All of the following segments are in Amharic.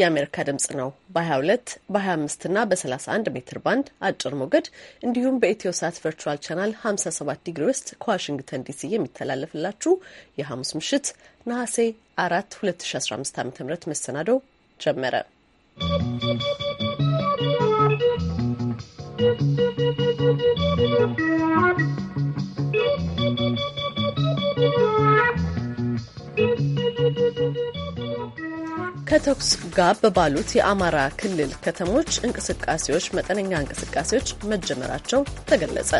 የአሜሪካ ድምጽ ነው። በ22 በ25 እና በ31 ሜትር ባንድ አጭር ሞገድ እንዲሁም በኢትዮ ሳት ቨርቹዋል ቻናል 57 ዲግሪ ውስጥ ከዋሽንግተን ዲሲ የሚተላለፍላችሁ የሐሙስ ምሽት ነሐሴ 4 2015 ዓ ም መሰናዶው ጀመረ። ከተኩስ ጋር በባሉት የአማራ ክልል ከተሞች እንቅስቃሴዎች መጠነኛ እንቅስቃሴዎች መጀመራቸው ተገለጸ።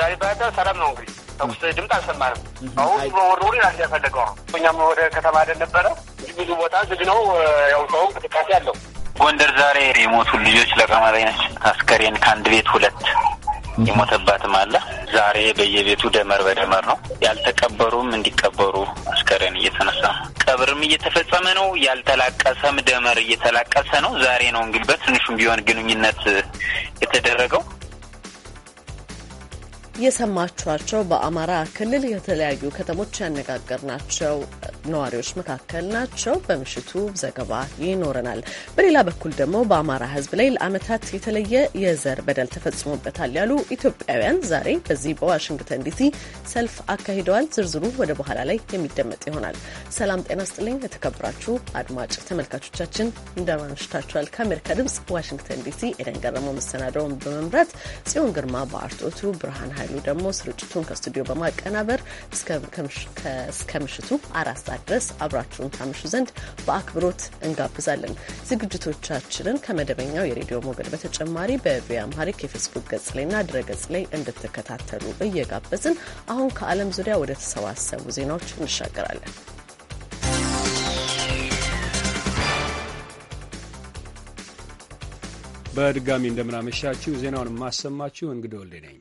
ዛሬ ባዳ ሰላም ነው እንግዲህ ተኩስ ድምፅ አልሰማንም። አሁን መወርወር ራስ ያፈለገው እኛም ወደ ከተማ አደን ነበረ እ ብዙ ቦታ ዝግ ነው። ያው ሰው እንቅስቃሴ አለው። ጎንደር ዛሬ የሞቱ ልጆች ለቀማ ላይ ነች። አስከሬን ከአንድ ቤት ሁለት የሞተባትም አለ። ዛሬ በየቤቱ ደመር በደመር ነው። ያልተቀበሩም እንዲቀበሩ አስከሬን እየተነሳ ነው። ቀብርም እየተፈጸመ ነው። ያልተላቀሰም ደመር እየተላቀሰ ነው። ዛሬ ነው እንግዲህ በትንሹም ቢሆን ግንኙነት የተደረገው። የሰማችኋቸው በአማራ ክልል የተለያዩ ከተሞች ያነጋገር ናቸው። ነዋሪዎች መካከል ናቸው። በምሽቱ ዘገባ ይኖረናል። በሌላ በኩል ደግሞ በአማራ ሕዝብ ላይ ለአመታት የተለየ የዘር በደል ተፈጽሞበታል ያሉ ኢትዮጵያውያን ዛሬ በዚህ በዋሽንግተን ዲሲ ሰልፍ አካሂደዋል። ዝርዝሩ ወደ በኋላ ላይ የሚደመጥ ይሆናል። ሰላም ጤና ስጥልኝ። የተከብራችሁ አድማጭ ተመልካቾቻችን እንደማምሽታችኋል። ከአሜሪካ ድምጽ ዋሽንግተን ዲሲ ኤደን ገረመው መሰናደውን በመምራት ጽዮን ግርማ በአርቶቱ ብርሃን ኃይሉ ደግሞ ስርጭቱን ከስቱዲዮ በማቀናበር እስከ ምሽቱ አራት ሰዓት ድረስ አብራችሁን ታምሹ ዘንድ በአክብሮት እንጋብዛለን። ዝግጅቶቻችንን ከመደበኛው የሬዲዮ ሞገድ በተጨማሪ በቪኦኤ የፌስቡክ ገጽ ላይና ድረ ገጽ ላይ እንድትከታተሉ እየጋበዝን አሁን ከዓለም ዙሪያ ወደ ተሰባሰቡ ዜናዎች እንሻገራለን። በድጋሚ እንደምናመሻችሁ ዜናውን የማሰማችሁ እንግዲህ ወልዴ ነኝ።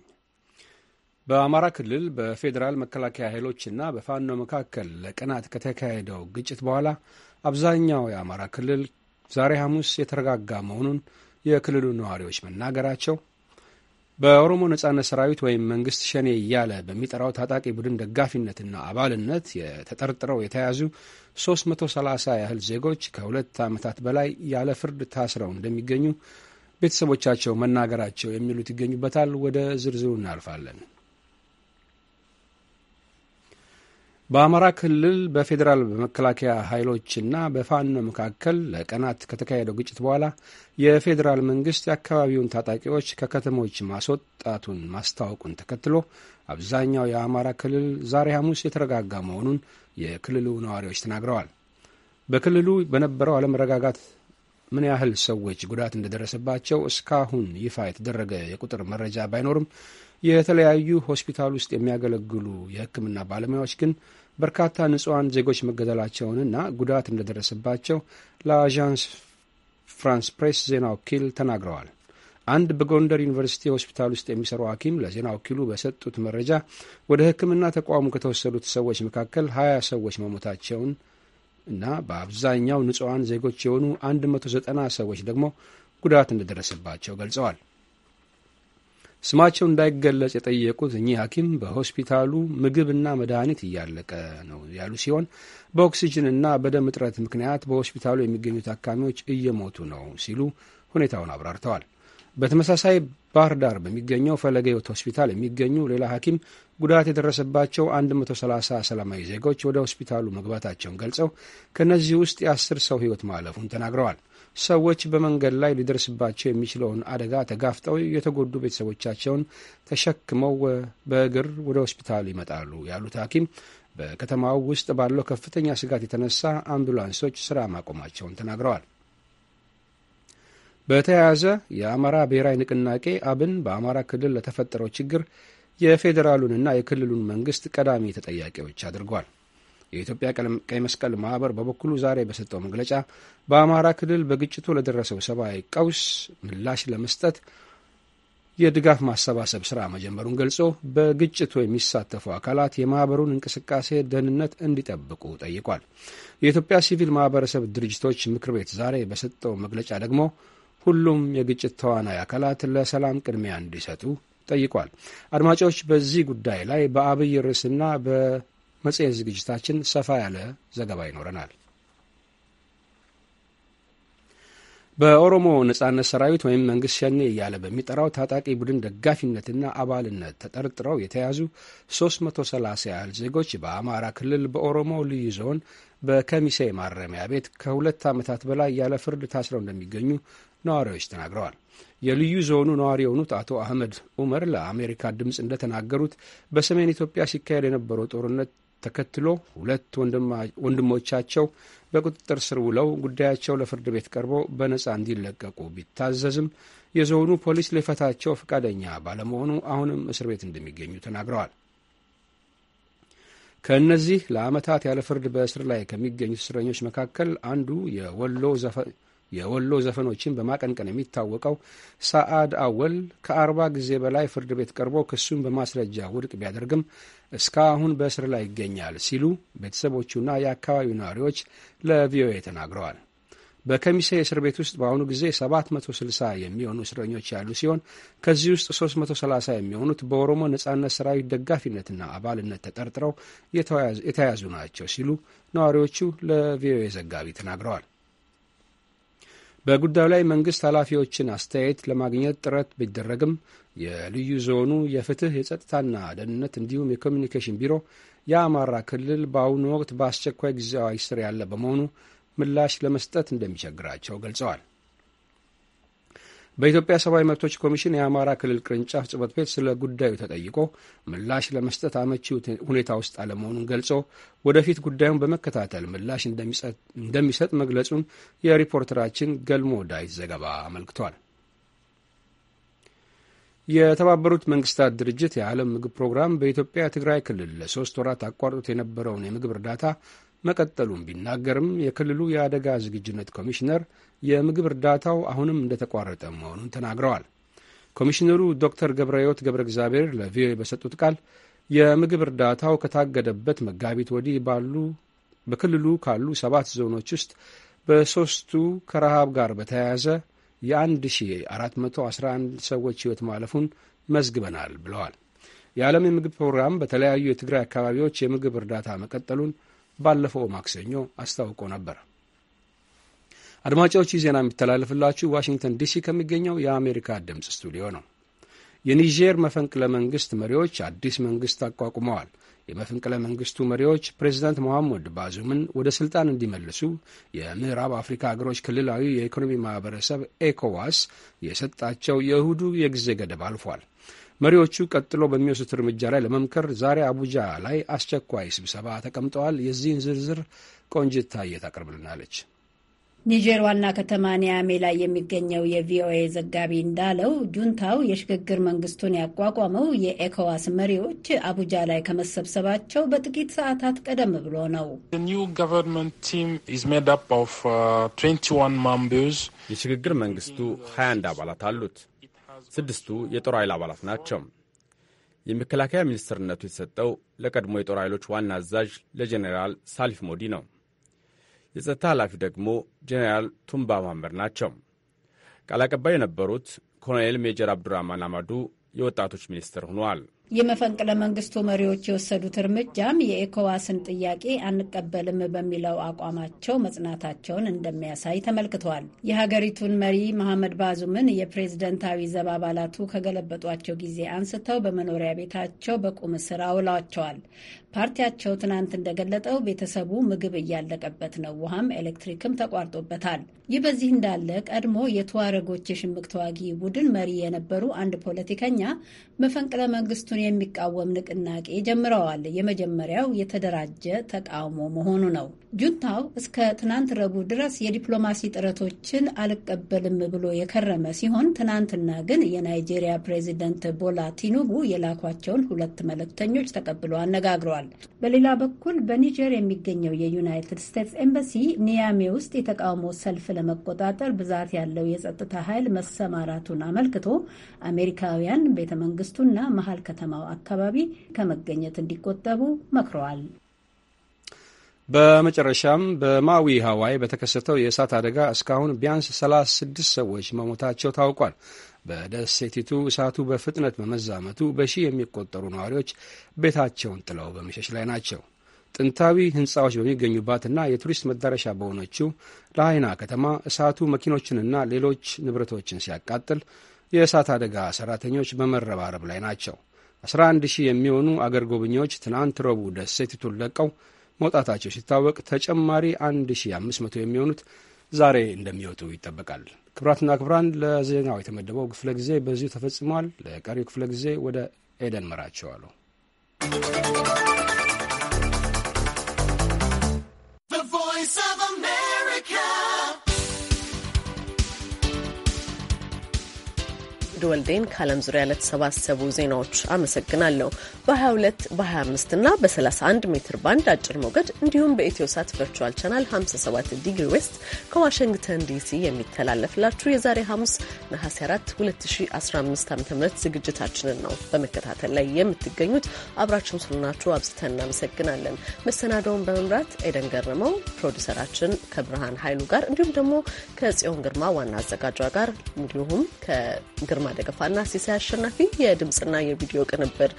በአማራ ክልል በፌዴራል መከላከያ ኃይሎችና በፋኖ መካከል ለቀናት ከተካሄደው ግጭት በኋላ አብዛኛው የአማራ ክልል ዛሬ ሐሙስ የተረጋጋ መሆኑን የክልሉ ነዋሪዎች መናገራቸው፣ በኦሮሞ ነጻነት ሰራዊት ወይም መንግስት ሸኔ እያለ በሚጠራው ታጣቂ ቡድን ደጋፊነትና አባልነት ተጠርጥረው የተያዙ 330 ያህል ዜጎች ከሁለት ዓመታት በላይ ያለ ፍርድ ታስረው እንደሚገኙ ቤተሰቦቻቸው መናገራቸው የሚሉት ይገኙበታል። ወደ ዝርዝሩ እናልፋለን። በአማራ ክልል በፌዴራል መከላከያ ኃይሎችና በፋኖ መካከል ለቀናት ከተካሄደው ግጭት በኋላ የፌዴራል መንግስት የአካባቢውን ታጣቂዎች ከከተሞች ማስወጣቱን ማስታወቁን ተከትሎ አብዛኛው የአማራ ክልል ዛሬ ሐሙስ የተረጋጋ መሆኑን የክልሉ ነዋሪዎች ተናግረዋል። በክልሉ በነበረው አለመረጋጋት ምን ያህል ሰዎች ጉዳት እንደደረሰባቸው እስካሁን ይፋ የተደረገ የቁጥር መረጃ ባይኖርም የተለያዩ ሆስፒታል ውስጥ የሚያገለግሉ የሕክምና ባለሙያዎች ግን በርካታ ንጹሐን ዜጎች መገደላቸውንና ጉዳት እንደደረሰባቸው ለአዣንስ ፍራንስ ፕሬስ ዜና ወኪል ተናግረዋል። አንድ በጎንደር ዩኒቨርሲቲ ሆስፒታል ውስጥ የሚሰሩ ሐኪም ለዜና ወኪሉ በሰጡት መረጃ ወደ ሕክምና ተቋሙ ከተወሰዱት ሰዎች መካከል 20 ሰዎች መሞታቸውን እና በአብዛኛው ንጹሐን ዜጎች የሆኑ 190 ሰዎች ደግሞ ጉዳት እንደደረሰባቸው ገልጸዋል። ስማቸው እንዳይገለጽ የጠየቁት እኚህ ሐኪም በሆስፒታሉ ምግብና መድኃኒት እያለቀ ነው ያሉ ሲሆን በኦክሲጅንና በደም እጥረት ምክንያት በሆስፒታሉ የሚገኙ ታካሚዎች እየሞቱ ነው ሲሉ ሁኔታውን አብራርተዋል። በተመሳሳይ ባህር ዳር በሚገኘው ፈለገ ሕይወት ሆስፒታል የሚገኙ ሌላ ሐኪም ጉዳት የደረሰባቸው 130 ሰላማዊ ዜጎች ወደ ሆስፒታሉ መግባታቸውን ገልጸው ከእነዚህ ውስጥ የአስር ሰው ሕይወት ማለፉን ተናግረዋል። ሰዎች በመንገድ ላይ ሊደርስባቸው የሚችለውን አደጋ ተጋፍጠው የተጎዱ ቤተሰቦቻቸውን ተሸክመው በእግር ወደ ሆስፒታል ይመጣሉ ያሉት ሐኪም በከተማው ውስጥ ባለው ከፍተኛ ስጋት የተነሳ አምቡላንሶች ስራ ማቆማቸውን ተናግረዋል። በተያያዘ የአማራ ብሔራዊ ንቅናቄ አብን በአማራ ክልል ለተፈጠረው ችግር የፌዴራሉንና የክልሉን መንግስት ቀዳሚ ተጠያቂዎች አድርጓል። የኢትዮጵያ ቀይ መስቀል ማህበር በበኩሉ ዛሬ በሰጠው መግለጫ በአማራ ክልል በግጭቱ ለደረሰው ሰብአዊ ቀውስ ምላሽ ለመስጠት የድጋፍ ማሰባሰብ ስራ መጀመሩን ገልጾ በግጭቱ የሚሳተፉ አካላት የማህበሩን እንቅስቃሴ ደህንነት እንዲጠብቁ ጠይቋል። የኢትዮጵያ ሲቪል ማህበረሰብ ድርጅቶች ምክር ቤት ዛሬ በሰጠው መግለጫ ደግሞ ሁሉም የግጭት ተዋናይ አካላት ለሰላም ቅድሚያ እንዲሰጡ ጠይቋል። አድማጮች፣ በዚህ ጉዳይ ላይ በአብይ ርዕስና መጽሔት ዝግጅታችን ሰፋ ያለ ዘገባ ይኖረናል። በኦሮሞ ነጻነት ሰራዊት ወይም መንግስት ሸኔ እያለ በሚጠራው ታጣቂ ቡድን ደጋፊነትና አባልነት ተጠርጥረው የተያዙ 330 ያህል ዜጎች በአማራ ክልል በኦሮሞ ልዩ ዞን በከሚሴ ማረሚያ ቤት ከሁለት ዓመታት በላይ ያለ ፍርድ ታስረው እንደሚገኙ ነዋሪዎች ተናግረዋል። የልዩ ዞኑ ነዋሪ የሆኑት አቶ አህመድ ኡመር ለአሜሪካ ድምፅ እንደተናገሩት በሰሜን ኢትዮጵያ ሲካሄድ የነበረው ጦርነት ተከትሎ ሁለት ወንድሞቻቸው በቁጥጥር ስር ውለው ጉዳያቸው ለፍርድ ቤት ቀርቦ በነጻ እንዲለቀቁ ቢታዘዝም የዞኑ ፖሊስ ሊፈታቸው ፈቃደኛ ባለመሆኑ አሁንም እስር ቤት እንደሚገኙ ተናግረዋል። ከእነዚህ ለዓመታት ያለ ፍርድ በእስር ላይ ከሚገኙት እስረኞች መካከል አንዱ የወሎ የወሎ ዘፈኖችን በማቀንቀን የሚታወቀው ሳአድ አወል ከአርባ ጊዜ በላይ ፍርድ ቤት ቀርቦ ክሱን በማስረጃ ውድቅ ቢያደርግም እስካሁን በእስር ላይ ይገኛል ሲሉ ቤተሰቦቹና የአካባቢው ነዋሪዎች ለቪኦኤ ተናግረዋል። በከሚሴ እስር ቤት ውስጥ በአሁኑ ጊዜ 760 የሚሆኑ እስረኞች ያሉ ሲሆን ከዚህ ውስጥ 330 የሚሆኑት በኦሮሞ ነጻነት ሰራዊት ደጋፊነትና አባልነት ተጠርጥረው የተያዙ ናቸው ሲሉ ነዋሪዎቹ ለቪኦኤ ዘጋቢ ተናግረዋል። በጉዳዩ ላይ መንግሥት ኃላፊዎችን አስተያየት ለማግኘት ጥረት ቢደረግም የልዩ ዞኑ የፍትህ የጸጥታና ደህንነት እንዲሁም የኮሚኒኬሽን ቢሮ የአማራ ክልል በአሁኑ ወቅት በአስቸኳይ ጊዜ አዋጅ ስር ያለ በመሆኑ ምላሽ ለመስጠት እንደሚቸግራቸው ገልጸዋል። በኢትዮጵያ ሰብአዊ መብቶች ኮሚሽን የአማራ ክልል ቅርንጫፍ ጽበት ቤት ስለ ጉዳዩ ተጠይቆ ምላሽ ለመስጠት አመቺ ሁኔታ ውስጥ አለመሆኑን ገልጾ ወደፊት ጉዳዩን በመከታተል ምላሽ እንደሚሰጥ መግለጹን የሪፖርተራችን ገልሞ ዳዊት ዘገባ አመልክቷል። የተባበሩት መንግስታት ድርጅት የዓለም ምግብ ፕሮግራም በኢትዮጵያ ትግራይ ክልል ለሶስት ወራት አቋርጦት የነበረውን የምግብ እርዳታ መቀጠሉን ቢናገርም የክልሉ የአደጋ ዝግጁነት ኮሚሽነር የምግብ እርዳታው አሁንም እንደተቋረጠ መሆኑን ተናግረዋል። ኮሚሽነሩ ዶክተር ገብረሕይወት ገብረ እግዚአብሔር ለቪኦኤ በሰጡት ቃል የምግብ እርዳታው ከታገደበት መጋቢት ወዲህ ባሉ በክልሉ ካሉ ሰባት ዞኖች ውስጥ በሦስቱ ከረሃብ ጋር በተያያዘ የ1411 ሰዎች ሕይወት ማለፉን መዝግበናል ብለዋል። የዓለም የምግብ ፕሮግራም በተለያዩ የትግራይ አካባቢዎች የምግብ እርዳታ መቀጠሉን ባለፈው ማክሰኞ አስታውቆ ነበር። አድማጮች ዜና የሚተላለፍላችሁ ዋሽንግተን ዲሲ ከሚገኘው የአሜሪካ ድምፅ ስቱዲዮ ነው። የኒጀር መፈንቅለ መንግስት መሪዎች አዲስ መንግስት አቋቁመዋል። የመፈንቅለ መንግስቱ መሪዎች ፕሬዚዳንት መሐመድ ባዙምን ወደ ስልጣን እንዲመልሱ የምዕራብ አፍሪካ ሀገሮች ክልላዊ የኢኮኖሚ ማህበረሰብ ኤኮዋስ የሰጣቸው የእሁዱ የጊዜ ገደብ አልፏል። መሪዎቹ ቀጥሎ በሚወስዱት እርምጃ ላይ ለመምከር ዛሬ አቡጃ ላይ አስቸኳይ ስብሰባ ተቀምጠዋል። የዚህን ዝርዝር ቆንጅት ታየ ታቀርብልናለች። ኒጀር ዋና ከተማ ኒያሜ ላይ የሚገኘው የቪኦኤ ዘጋቢ እንዳለው ጁንታው የሽግግር መንግስቱን ያቋቋመው የኤኮዋስ መሪዎች አቡጃ ላይ ከመሰብሰባቸው በጥቂት ሰዓታት ቀደም ብሎ ነው። uh, የሽግግር መንግስቱ 21 አባላት አሉት። ስድስቱ የጦር ኃይል አባላት ናቸው። የመከላከያ ሚኒስትርነቱ የተሰጠው ለቀድሞ የጦር ኃይሎች ዋና አዛዥ ለጄኔራል ሳሊፍ ሞዲ ነው። የጸጥታ ኃላፊ ደግሞ ጄኔራል ቱምባ ማመር ናቸው። ቃል አቀባይ የነበሩት ኮሎኔል ሜጀር አብዱራህማን አማዱ የወጣቶች ሚኒስትር ሆነዋል። የመፈንቅለ መንግስቱ መሪዎች የወሰዱት እርምጃም የኤኮዋስን ጥያቄ አንቀበልም በሚለው አቋማቸው መጽናታቸውን እንደሚያሳይ ተመልክተዋል። የሀገሪቱን መሪ መሐመድ ባዙምን የፕሬዝደንታዊ ዘብ አባላቱ ከገለበጧቸው ጊዜ አንስተው በመኖሪያ ቤታቸው በቁም ስራ አውለዋቸዋል። ፓርቲያቸው ትናንት እንደገለጠው ቤተሰቡ ምግብ እያለቀበት ነው፣ ውሃም ኤሌክትሪክም ተቋርጦበታል። ይህ በዚህ እንዳለ ቀድሞ የተዋረጎች የሽምቅ ተዋጊ ቡድን መሪ የነበሩ አንድ ፖለቲከኛ መፈንቅለ መንግስቱን የሚቃወም ንቅናቄ ጀምረዋል። የመጀመሪያው የተደራጀ ተቃውሞ መሆኑ ነው። ጁንታው እስከ ትናንት ረቡዕ ድረስ የዲፕሎማሲ ጥረቶችን አልቀበልም ብሎ የከረመ ሲሆን ትናንትና ግን የናይጄሪያ ፕሬዚደንት ቦላ ቲኑቡ የላኳቸውን ሁለት መልእክተኞች ተቀብሎ አነጋግሯል። ተናግረዋል። በሌላ በኩል በኒጀር የሚገኘው የዩናይትድ ስቴትስ ኤምባሲ ኒያሜ ውስጥ የተቃውሞ ሰልፍ ለመቆጣጠር ብዛት ያለው የጸጥታ ኃይል መሰማራቱን አመልክቶ አሜሪካውያን ቤተ መንግስቱና መሀል ከተማው አካባቢ ከመገኘት እንዲቆጠቡ መክረዋል። በመጨረሻም በማዊ ሀዋይ በተከሰተው የእሳት አደጋ እስካሁን ቢያንስ 36 ሰዎች መሞታቸው ታውቋል። በደሴቲቱ እሳቱ በፍጥነት በመዛመቱ በሺህ የሚቆጠሩ ነዋሪዎች ቤታቸውን ጥለው በመሸሽ ላይ ናቸው። ጥንታዊ ሕንፃዎች በሚገኙባትና የቱሪስት መዳረሻ በሆነችው ለሃይና ከተማ እሳቱ መኪኖችንና ሌሎች ንብረቶችን ሲያቃጥል የእሳት አደጋ ሰራተኞች በመረባረብ ላይ ናቸው። 11 ሺህ የሚሆኑ አገር ጎብኚዎች ትናንት ረቡዕ ደሴቲቱን ለቀው መውጣታቸው ሲታወቅ ተጨማሪ 1500 የሚሆኑት ዛሬ እንደሚወጡ ይጠበቃል። ክብራትና ክብራን ለዜናው የተመደበው ክፍለ ጊዜ በዚሁ ተፈጽሟል። ለቀሪው ክፍለ ጊዜ ወደ ኤደን መራቸዋለሁ። እንግድ ወልዴን ከዓለም ዙሪያ ለተሰባሰቡ ዜናዎች አመሰግናለሁ። በ22 በ25 እና በ31 ሜትር ባንድ አጭር ሞገድ እንዲሁም ሳት ቨርቹዋል ቻናል 57 ዲግሪ ዌስት ከዋሽንግተን ዲሲ የሚተላለፍላችሁ የዛሬ ሐሙስ ነሐሴ 4 2015 ዓ.ም ዝግጅታችንን ነው በመከታተል ላይ የምትገኙት። አብራችሁን ስለሆናችሁ አብዝተን እናመሰግናለን። መሰናዶውን በመምራት ኤደን ገረመው፣ ፕሮዲሰራችን ከብርሃን ኃይሉ ጋር እንዲሁም ደግሞ ከጽዮን ግርማ ዋና አዘጋጇ ጋር እንዲሁም ከግርማ ግርማ ደገፋና ሲሳይ አሸናፊ የድምፅና የቪዲዮ ቅንብር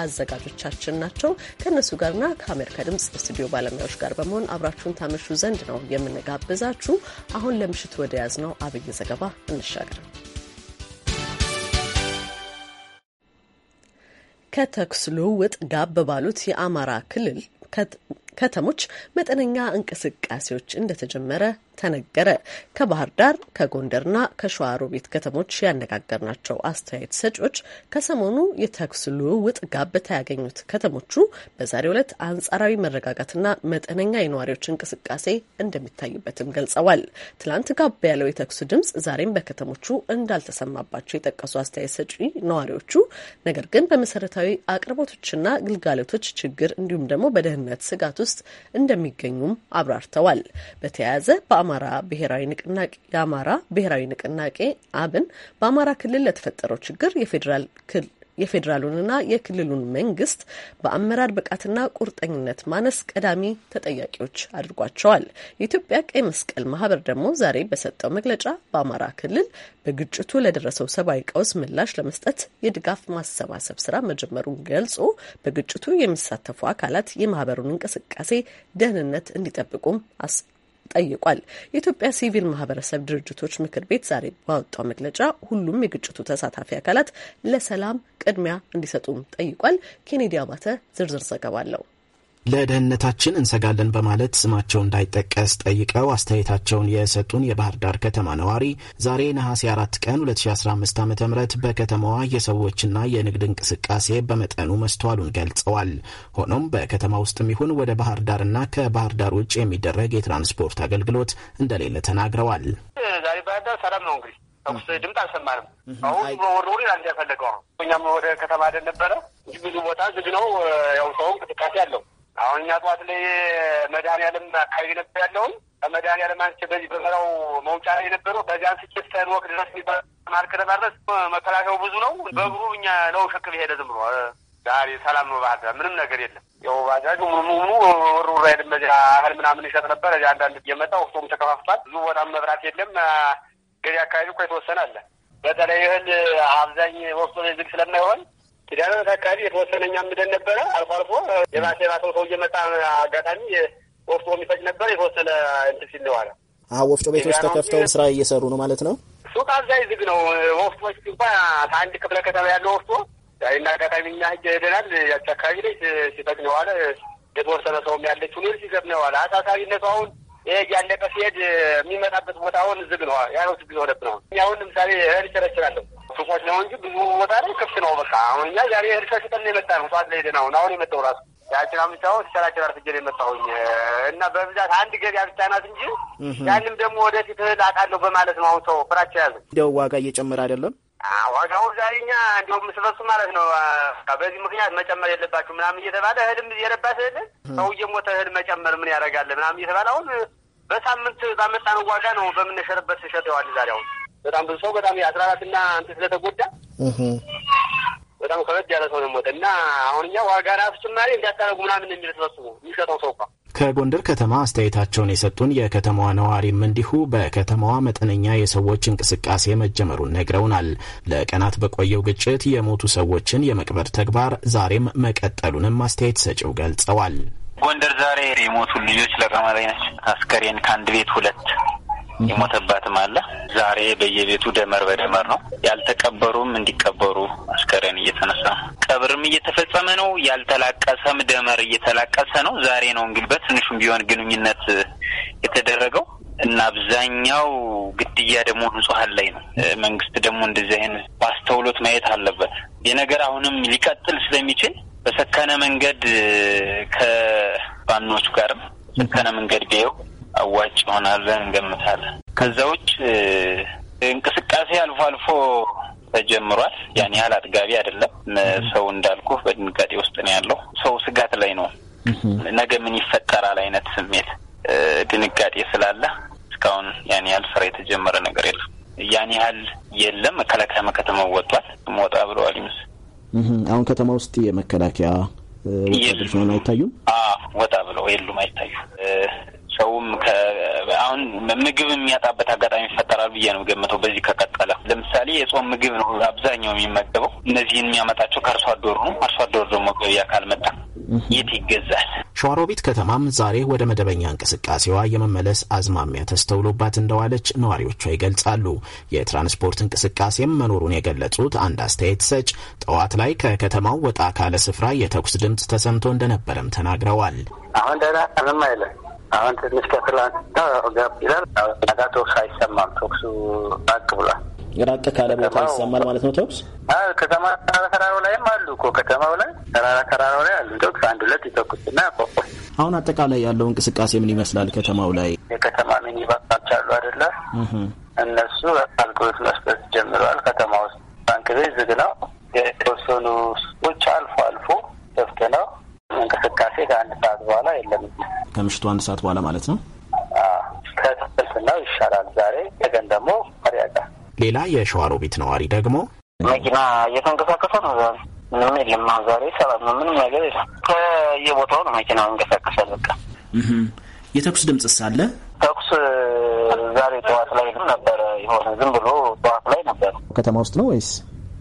አዘጋጆቻችን ናቸው። ከእነሱ ጋርና ከአሜሪካ ድምፅ ስቱዲዮ ባለሙያዎች ጋር በመሆን አብራችሁን ታመሹ ዘንድ ነው የምንጋብዛችሁ። አሁን ለምሽት ወደ ያዝ ነው አብይ ዘገባ እንሻገር። ከተኩስ ልውውጥ ጋብ ባሉት የአማራ ክልል ከተሞች መጠነኛ እንቅስቃሴዎች እንደተጀመረ ተነገረ። ከባህር ዳር ከጎንደርና ከሸዋሮቢት ከተሞች ያነጋገርናቸው አስተያየት ሰጪዎች ከሰሞኑ የተኩስ ልውውጥ ጋብታ ያገኙት ከተሞቹ በዛሬው ዕለት አንጻራዊ መረጋጋትና መጠነኛ የነዋሪዎች እንቅስቃሴ እንደሚታይበትም ገልጸዋል። ትላንት ጋብ ያለው የተኩስ ድምጽ ዛሬም በከተሞቹ እንዳልተሰማባቸው የጠቀሱ አስተያየት ሰጪ ነዋሪዎቹ ነገር ግን በመሰረታዊ አቅርቦቶችና ግልጋሎቶች ችግር እንዲሁም ደግሞ በደህንነት ስጋት ውስጥ እንደሚገኙም አብራርተዋል። በተያያዘ በአማ የአማራ ብሔራዊ ንቅናቄ የአማራ ብሔራዊ ንቅናቄ አብን በአማራ ክልል ለተፈጠረው ችግር የፌዴራል ክል የፌዴራሉንና የክልሉን መንግስት በአመራር ብቃትና ቁርጠኝነት ማነስ ቀዳሚ ተጠያቂዎች አድርጓቸዋል። የኢትዮጵያ ቀይ መስቀል ማህበር ደግሞ ዛሬ በሰጠው መግለጫ በአማራ ክልል በግጭቱ ለደረሰው ሰብአዊ ቀውስ ምላሽ ለመስጠት የድጋፍ ማሰባሰብ ስራ መጀመሩን ገልጾ በግጭቱ የሚሳተፉ አካላት የማህበሩን እንቅስቃሴ ደህንነት እንዲጠብቁም ጠይቋል። የኢትዮጵያ ሲቪል ማህበረሰብ ድርጅቶች ምክር ቤት ዛሬ ባወጣው መግለጫ ሁሉም የግጭቱ ተሳታፊ አካላት ለሰላም ቅድሚያ እንዲሰጡም ጠይቋል። ኬኔዲ አባተ ዝርዝር ዘገባ አለው። ለደህንነታችን እንሰጋለን በማለት ስማቸው እንዳይጠቀስ ጠይቀው አስተያየታቸውን የሰጡን የባህር ዳር ከተማ ነዋሪ ዛሬ ነሐሴ 4 ቀን 2015 ዓ ም በከተማዋ የሰዎችና የንግድ እንቅስቃሴ በመጠኑ መስተዋሉን ገልጸዋል። ሆኖም በከተማ ውስጥም ይሁን ወደ ባህር ዳርና ከባህር ዳር ውጭ የሚደረግ የትራንስፖርት አገልግሎት እንደሌለ ተናግረዋል። ዛሬ ባህር ዳር ሰላም ነው እንግዲህ ተኩስ ድምፅ አልሰማንም። አሁን መወርወር ያፈለገው ነው። እኛም ወደ ከተማ አይደል ነበረ እንጂ ብዙ ቦታ ዝግ ነው። ያው ሰው እንቅስቃሴ አለው አሁን እኛ ጠዋት ላይ መድኃኒዓለም አካባቢ ነበር ያለውን ከመድኃኒዓለም አንስቼ በዚህ በመራው መውጫ ላይ የነበረው በዚህ አንስቼ ስተን ወቅት ድረስ የሚባል ማርክረባ ለማድረስ መከላከያው ብዙ ነው። በእግሩ እኛ ነው ሸክም የሄደ ዝም ብሎ ዛሬ ሰላም ነው። ባህር ምንም ነገር የለም። ያው ባጃጅ ሙሉ ሙሉ ሩራ ሄድ በዚህ እህል ምናምን ይሸጥ ነበር። እዚህ አንዳንድ እየመጣ ወፍቶም ተከፋፍቷል። ብዙ ቦታም መብራት የለም። ገዚ አካባቢ እኮ የተወሰነ አለ። በተለይ እህል አብዛኝ ወቅቶ ዝግ ስለማይሆን ኪዳነት አካባቢ የተወሰነኛ ምደን ነበረ። አልፎ አልፎ የባሰ የባሰው ሰው እየመጣ አጋጣሚ ወፍጮ የሚፈጭ ነበር። የተወሰነ እንትን ሲል ነው አለ። ወፍጮ ቤቶች ተከፍተው ስራ እየሰሩ ነው ማለት ነው። ሱቅ አብዛኝ ዝግ ነው። ወፍጮች እንኳ ከአንድ ክፍለ ከተማ ያለው ወፍጮ እና አጋጣሚ እኛ ህጅ ሄደናል። ያች አካባቢ ላይ ሲፈጭ ነዋለ። የተወሰነ ሰውም ያለች ሁኔል ሲገብ ነዋለ። አሳሳቢነቱ አሁን ይሄ እያለቀ ሲሄድ የሚመጣበት ቦታ አሁን ዝግ ነው ያለው። ዝግ ነው ነብነው አሁን ለምሳሌ እህል ቸረችላለሁ ሱቆች ነው እንጂ ብዙ ቦታ ላይ ክፍት ነው። በቃ አሁን እኛ ዛሬ እርሻ ሽጠን የመጣ ነው። ጠዋት ላይ ደህና አሁን አሁን የመጣው ራሱ ያችን አምስት አሁን ሲሰራቸው ራስ ጀን የመጣሁኝ እና በብዛት አንድ ገበያ ብቻ ናት እንጂ ያንም ደግሞ ወደፊት ላቃለሁ በማለት ነው። አሁን ሰው ፍራቻ ያዘ። እንዲያው ዋጋ እየጨመረ አይደለም ዋጋው ዛሬ እኛ እንዲሁም ስበሱ ማለት ነው። በዚህ ምክንያት መጨመር የለባችሁ ምናምን እየተባለ እህልም እየረባ ስህል ሰው እየሞተ እህል መጨመር ምን ያደርጋል ምናምን እየተባለ አሁን በሳምንት ባመጣነው ዋጋ ነው በምንሸርበት ሸጠዋል ዛሬ አሁን በጣም ብዙ ሰው በጣም የአስራ ና እና ስለተጎዳ በጣም ከበድ ያለ ሰው ነው ሞተ እና አሁን እኛ ዋጋ ራሱ ጭማሪ እንዳታረጉ ምናምን የሚል ተሰብስቦ የሚሸጠው ሰው እንኳ ከጎንደር ከተማ አስተያየታቸውን የሰጡን የከተማዋ ነዋሪም እንዲሁ በከተማዋ መጠነኛ የሰዎች እንቅስቃሴ መጀመሩን ነግረውናል። ለቀናት በቆየው ግጭት የሞቱ ሰዎችን የመቅበር ተግባር ዛሬም መቀጠሉንም አስተያየት ሰጪው ገልጸዋል። ጎንደር ዛሬ የሞቱ ልጆች ለቀማ ላይ ናቸው። አስከሬን ከአንድ ቤት ሁለት የሞተባትም አለ። ዛሬ በየቤቱ ደመር በደመር ነው። ያልተቀበሩም እንዲቀበሩ አስከሬን እየተነሳ ነው። ቀብርም እየተፈጸመ ነው። ያልተላቀሰም ደመር እየተላቀሰ ነው። ዛሬ ነው እንግዲህ በትንሹም ቢሆን ግንኙነት የተደረገው እና አብዛኛው ግድያ ደግሞ ንጹሀን ላይ ነው። መንግስት ደግሞ እንደዚህ አይነት በአስተውሎት ማየት አለበት። የነገር አሁንም ሊቀጥል ስለሚችል በሰከነ መንገድ ከባኖቹ ጋርም ሰከነ መንገድ ቢየው አዋጭ ይሆናል ብለን እንገምታለን። ከዛ ውጭ እንቅስቃሴ አልፎ አልፎ ተጀምሯል። ያን ያህል አጥጋቢ አይደለም። ሰው እንዳልኩ በድንጋጤ ውስጥ ነው ያለው። ሰው ስጋት ላይ ነው። ነገ ምን ይፈጠራል አይነት ስሜት ድንጋጤ ስላለ እስካሁን ያን ያህል ስራ የተጀመረ ነገር የለም። ያን ያህል የለም። መከላከያ መከተማው ወጥቷል። ሞጣ ብለዋል ይመስል አሁን ከተማ ውስጥ የመከላከያ ወታደሮች አይታዩም። ወጣ ብለው የሉም፣ አይታዩ። ሰውም አሁን ምግብ የሚያጣበት አጋጣሚ ይፈጠራል ብዬ ነው ገምተው። በዚህ ከቀጠለ ለምሳሌ የጾም ምግብ ነው አብዛኛው የሚመገበው። እነዚህን የሚያመጣቸው ከአርሶ አደሩ ነው። አርሶ አደሩ ደግሞ ገበያ ካልመጣ የት ይገዛል? ሸዋሮቢት ከተማም ዛሬ ወደ መደበኛ እንቅስቃሴዋ የመመለስ አዝማሚያ ተስተውሎባት እንደዋለች ነዋሪዎቿ ይገልጻሉ። የትራንስፖርት እንቅስቃሴም መኖሩን የገለጹት አንድ አስተያየት ሰጭ ጠዋት ላይ ከከተማው ወጣ ካለ ስፍራ የተኩስ ድምፅ ተሰምቶ እንደነበረም ተናግረዋል። አሁን ደህና ምንም አይልም አሁን ትንሽ ከትላንትና ጋብ ይላል። ነጋ ተኩስ አይሰማም። ተኩሱ ራቅ ብሏል። ራቅ ካለ ቦታ ይሰማል ማለት ነው ተኩስ ከተማ ተራራ ተራራው ላይም አሉ እኮ ከተማው ላይ ተራራ ተራራው ላይ አሉ ተኩስ አንድ ሁለት ይተኩስና ቆቆ አሁን አጠቃላይ ያለው እንቅስቃሴ ምን ይመስላል? ከተማው ላይ የከተማ ሚኒባሶች አሉ አይደለ? እነሱ አልኮሎት መስጠት ጀምረዋል። ከተማ ውስጥ ባንክ ቤት ዝግ ነው። የተወሰኑ ሱቆች አልፎ አልፎ ክፍት ነው። እንቅስቃሴ ከአንድ ሰዓት በኋላ የለም። ከምሽቱ አንድ ሰዓት በኋላ ማለት ነው። ከትልስናው ይሻላል ዛሬ ተገን ደግሞ አሪያጋ ሌላ ቤት ነዋሪ ደግሞ መኪና እየተንቀሳቀሰ ነው ዛሬ ምንም የለም። ዛሬ ሰላም ነው። ምንም ነገር የለም። ከየቦታው ነው መኪና ይንቀሳቀሳል። በቃ የተኩስ ድምጽ ሳለ ተኩስ ዛሬ ጠዋት ላይ ነበረ። የሆነ ዝም ብሎ ጠዋት ላይ ነበረ። ከተማ ውስጥ ነው ወይስ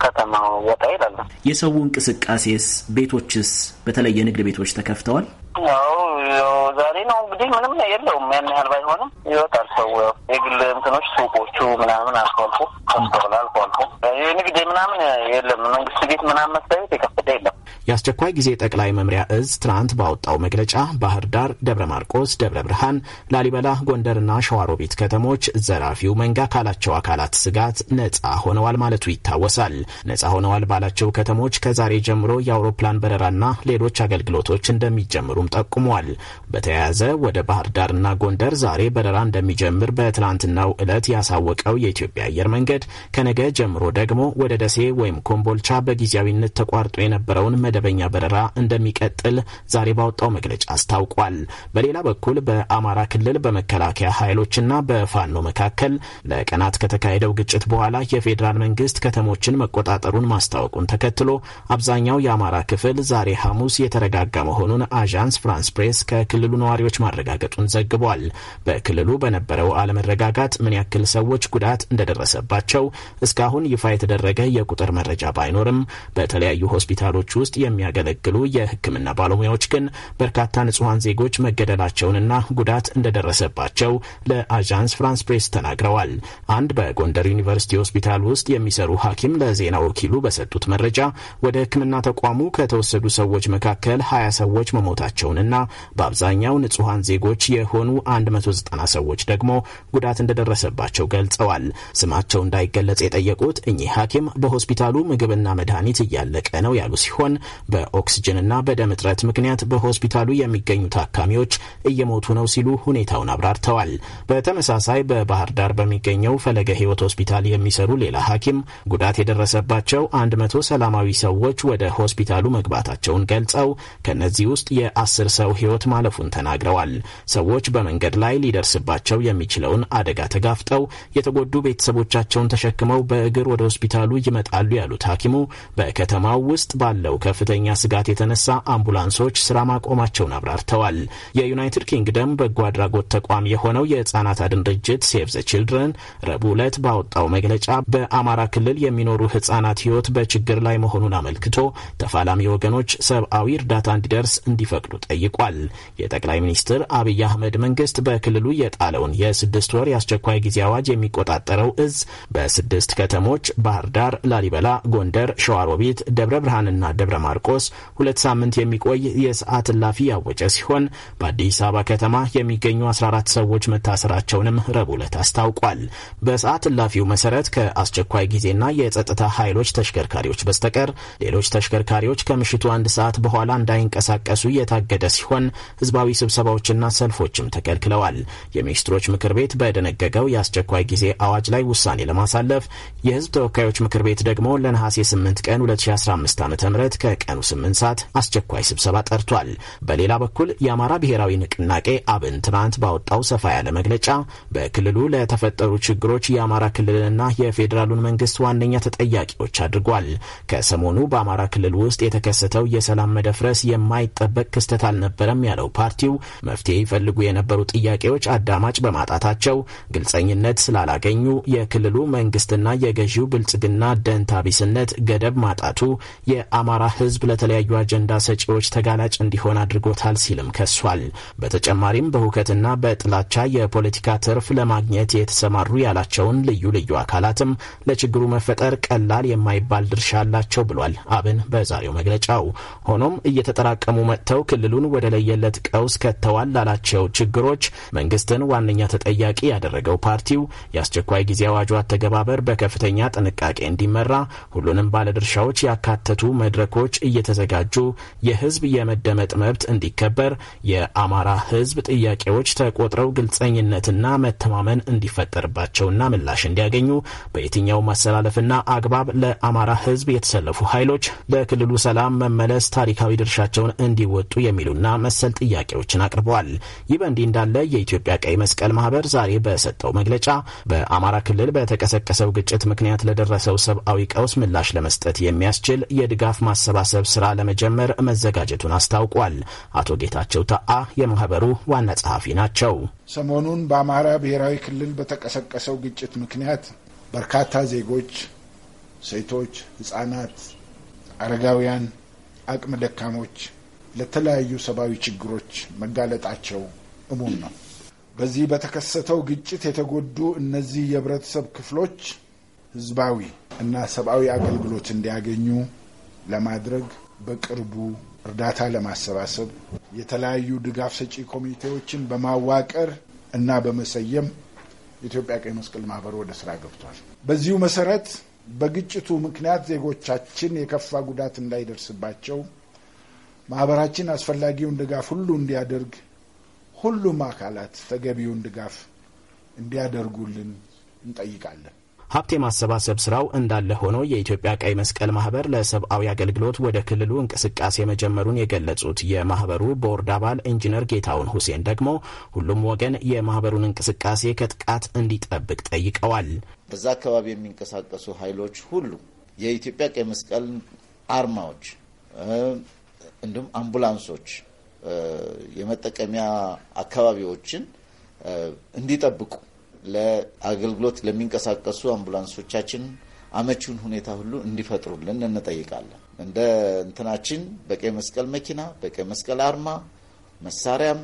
ከተማው ወጣ ይላሉ። የሰው እንቅስቃሴስ፣ ቤቶችስ፣ በተለይ የንግድ ቤቶች ተከፍተዋል? ያው ዛሬ ነው እንግዲህ ምንም የለውም ያን ያህል ባይሆንም ይወጣል ሰው የግል እንትኖች ሱቆቹ ምናምን አልፎ አልፎ ከፍተዋል። አልፎ አልፎ የንግድ ምናምን የለም መንግስት ቤት ምናምን መስሪያ ቤት የከፈተ የለም። የአስቸኳይ ጊዜ ጠቅላይ መምሪያ እዝ ትናንት ባወጣው መግለጫ ባህር ዳር፣ ደብረ ማርቆስ፣ ደብረ ብርሃን፣ ላሊበላ፣ ጎንደርና ሸዋሮቢት ከተሞች ዘራፊው መንጋ ካላቸው አካላት ስጋት ነፃ ሆነዋል ማለቱ ይታወሳል። ነፃ ሆነዋል ባላቸው ከተሞች ከዛሬ ጀምሮ የአውሮፕላን በረራና ሌሎች አገልግሎቶች እንደሚጀምሩም ጠቁሟል። በተያያዘ ወደ ባህር ዳርና ጎንደር ዛሬ በረራ እንደሚጀምር በትናንትናው ዕለት ያሳወቀው የኢትዮጵያ አየር መንገድ ከነገ ጀምሮ ደግሞ ወደ ደሴ ወይም ኮምቦልቻ በጊዜያዊነት ተቋርጦ የነበረውን መደ መደበኛ በረራ እንደሚቀጥል ዛሬ ባወጣው መግለጫ አስታውቋል። በሌላ በኩል በአማራ ክልል በመከላከያ ኃይሎችና በፋኖ መካከል ለቀናት ከተካሄደው ግጭት በኋላ የፌዴራል መንግስት ከተሞችን መቆጣጠሩን ማስታወቁን ተከትሎ አብዛኛው የአማራ ክፍል ዛሬ ሐሙስ የተረጋጋ መሆኑን አዣንስ ፍራንስ ፕሬስ ከክልሉ ነዋሪዎች ማረጋገጡን ዘግቧል። በክልሉ በነበረው አለመረጋጋት ምን ያክል ሰዎች ጉዳት እንደደረሰባቸው እስካሁን ይፋ የተደረገ የቁጥር መረጃ ባይኖርም በተለያዩ ሆስፒታሎች ውስጥ የሚያገለግሉ የሕክምና ባለሙያዎች ግን በርካታ ንጹሐን ዜጎች መገደላቸውንና ጉዳት እንደደረሰባቸው ለአዣንስ ፍራንስ ፕሬስ ተናግረዋል። አንድ በጎንደር ዩኒቨርሲቲ ሆስፒታል ውስጥ የሚሰሩ ሐኪም ለዜና ወኪሉ በሰጡት መረጃ ወደ ሕክምና ተቋሙ ከተወሰዱ ሰዎች መካከል 20 ሰዎች መሞታቸውንና በአብዛኛው ንጹሐን ዜጎች የሆኑ 190 ሰዎች ደግሞ ጉዳት እንደደረሰባቸው ገልጸዋል። ስማቸው እንዳይገለጽ የጠየቁት እኚህ ሐኪም በሆስፒታሉ ምግብና መድኃኒት እያለቀ ነው ያሉ ሲሆን በኦክስጅንና በደም እጥረት ምክንያት በሆስፒታሉ የሚገኙ ታካሚዎች እየሞቱ ነው ሲሉ ሁኔታውን አብራርተዋል። በተመሳሳይ በባህር ዳር በሚገኘው ፈለገ ሕይወት ሆስፒታል የሚሰሩ ሌላ ሐኪም ጉዳት የደረሰባቸው አንድ መቶ ሰላማዊ ሰዎች ወደ ሆስፒታሉ መግባታቸውን ገልጸው ከእነዚህ ውስጥ የአስር ሰው ሕይወት ማለፉን ተናግረዋል። ሰዎች በመንገድ ላይ ሊደርስባቸው የሚችለውን አደጋ ተጋፍጠው የተጎዱ ቤተሰቦቻቸውን ተሸክመው በእግር ወደ ሆስፒታሉ ይመጣሉ ያሉት ሐኪሙ በከተማው ውስጥ ባለው ከፍ ከፍተኛ ስጋት የተነሳ አምቡላንሶች ስራ ማቆማቸውን አብራርተዋል። የዩናይትድ ኪንግደም በጎ አድራጎት ተቋም የሆነው የህጻናት አድን ድርጅት ሴቭ ዘ ችልድረን ረቡዕ ዕለት ባወጣው መግለጫ በአማራ ክልል የሚኖሩ ህጻናት ህይወት በችግር ላይ መሆኑን አመልክቶ ተፋላሚ ወገኖች ሰብአዊ እርዳታ እንዲደርስ እንዲፈቅዱ ጠይቋል። የጠቅላይ ሚኒስትር አብይ አህመድ መንግስት በክልሉ የጣለውን የስድስት ወር የአስቸኳይ ጊዜ አዋጅ የሚቆጣጠረው እዝ በስድስት ከተሞች ባህር ዳር፣ ላሊበላ፣ ጎንደር፣ ሸዋሮቢት፣ ደብረ ብርሃንና ደብረ ማርቆስ ሁለት ሳምንት የሚቆይ የሰዓት እላፊ ያወጀ ሲሆን በአዲስ አበባ ከተማ የሚገኙ 14 ሰዎች መታሰራቸውንም ረቡዕ ዕለት አስታውቋል። በሰዓት እላፊው መሰረት ከአስቸኳይ ጊዜና የጸጥታ ኃይሎች ተሽከርካሪዎች በስተቀር ሌሎች ተሽከርካሪዎች ከምሽቱ አንድ ሰዓት በኋላ እንዳይንቀሳቀሱ የታገደ ሲሆን ህዝባዊ ስብሰባዎችና ሰልፎችም ተከልክለዋል። የሚኒስትሮች ምክር ቤት በደነገገው የአስቸኳይ ጊዜ አዋጅ ላይ ውሳኔ ለማሳለፍ የህዝብ ተወካዮች ምክር ቤት ደግሞ ለነሐሴ 8 ቀን 2015 ዓ ም ከቀኑ ስምንት ሰዓት አስቸኳይ ስብሰባ ጠርቷል። በሌላ በኩል የአማራ ብሔራዊ ንቅናቄ አብን ትናንት ባወጣው ሰፋ ያለ መግለጫ በክልሉ ለተፈጠሩ ችግሮች የአማራ ክልልንና የፌዴራሉን መንግስት ዋነኛ ተጠያቂዎች አድርጓል። ከሰሞኑ በአማራ ክልል ውስጥ የተከሰተው የሰላም መደፍረስ የማይጠበቅ ክስተት አልነበረም ያለው ፓርቲው መፍትሄ ይፈልጉ የነበሩ ጥያቄዎች አዳማጭ በማጣታቸው ግልጸኝነት ስላላገኙ የክልሉ መንግስትና የገዢው ብልጽግና ደንታቢስነት ገደብ ማጣቱ የአማራ ህዝብ ህዝብ ለተለያዩ አጀንዳ ሰጪዎች ተጋላጭ እንዲሆን አድርጎታል ሲልም ከሷል። በተጨማሪም በሁከትና በጥላቻ የፖለቲካ ትርፍ ለማግኘት የተሰማሩ ያላቸውን ልዩ ልዩ አካላትም ለችግሩ መፈጠር ቀላል የማይባል ድርሻ አላቸው ብሏል አብን በዛሬው መግለጫው። ሆኖም እየተጠራቀሙ መጥተው ክልሉን ወደ ለየለት ቀውስ ከተዋል ላላቸው ችግሮች መንግስትን ዋነኛ ተጠያቂ ያደረገው ፓርቲው የአስቸኳይ ጊዜ አዋጁ አተገባበር በከፍተኛ ጥንቃቄ እንዲመራ ሁሉንም ባለድርሻዎች ያካተቱ መድረኮች እየተዘጋጁ የህዝብ የመደመጥ መብት እንዲከበር የአማራ ህዝብ ጥያቄዎች ተቆጥረው ግልጸኝነትና መተማመን እንዲፈጠርባቸውና ምላሽ እንዲያገኙ በየትኛው ማሰላለፍና አግባብ ለአማራ ህዝብ የተሰለፉ ኃይሎች በክልሉ ሰላም መመለስ ታሪካዊ ድርሻቸውን እንዲወጡ የሚሉና መሰል ጥያቄዎችን አቅርበዋል። ይህ በእንዲህ እንዳለ የኢትዮጵያ ቀይ መስቀል ማህበር ዛሬ በሰጠው መግለጫ በአማራ ክልል በተቀሰቀሰው ግጭት ምክንያት ለደረሰው ሰብአዊ ቀውስ ምላሽ ለመስጠት የሚያስችል የድጋፍ ማሰባሰ የማሰባሰብ ስራ ለመጀመር መዘጋጀቱን አስታውቋል። አቶ ጌታቸው ተአ የማህበሩ ዋና ጸሐፊ ናቸው። ሰሞኑን በአማራ ብሔራዊ ክልል በተቀሰቀሰው ግጭት ምክንያት በርካታ ዜጎች፣ ሴቶች፣ ህጻናት፣ አረጋውያን፣ አቅም ደካሞች ለተለያዩ ሰብአዊ ችግሮች መጋለጣቸው እሙን ነው። በዚህ በተከሰተው ግጭት የተጎዱ እነዚህ የህብረተሰብ ክፍሎች ህዝባዊ እና ሰብአዊ አገልግሎት እንዲያገኙ ለማድረግ በቅርቡ እርዳታ ለማሰባሰብ የተለያዩ ድጋፍ ሰጪ ኮሚቴዎችን በማዋቀር እና በመሰየም የኢትዮጵያ ቀይ መስቀል ማህበር ወደ ስራ ገብቷል። በዚሁ መሰረት በግጭቱ ምክንያት ዜጎቻችን የከፋ ጉዳት እንዳይደርስባቸው ማህበራችን አስፈላጊውን ድጋፍ ሁሉ እንዲያደርግ ሁሉም አካላት ተገቢውን ድጋፍ እንዲያደርጉልን እንጠይቃለን። ሀብት የማሰባሰብ ስራው እንዳለ ሆኖ የኢትዮጵያ ቀይ መስቀል ማህበር ለሰብአዊ አገልግሎት ወደ ክልሉ እንቅስቃሴ መጀመሩን የገለጹት የማህበሩ ቦርድ አባል ኢንጂነር ጌታውን ሁሴን ደግሞ ሁሉም ወገን የማህበሩን እንቅስቃሴ ከጥቃት እንዲጠብቅ ጠይቀዋል። በዛ አካባቢ የሚንቀሳቀሱ ኃይሎች ሁሉ የኢትዮጵያ ቀይ መስቀል አርማዎች እንዲሁም አምቡላንሶች የመጠቀሚያ አካባቢዎችን እንዲጠብቁ ለአገልግሎት ለሚንቀሳቀሱ አምቡላንሶቻችን አመቺውን ሁኔታ ሁሉ እንዲፈጥሩልን እንጠይቃለን። እንደ እንትናችን በቀይ መስቀል መኪና፣ በቀይ መስቀል አርማ፣ መሳሪያም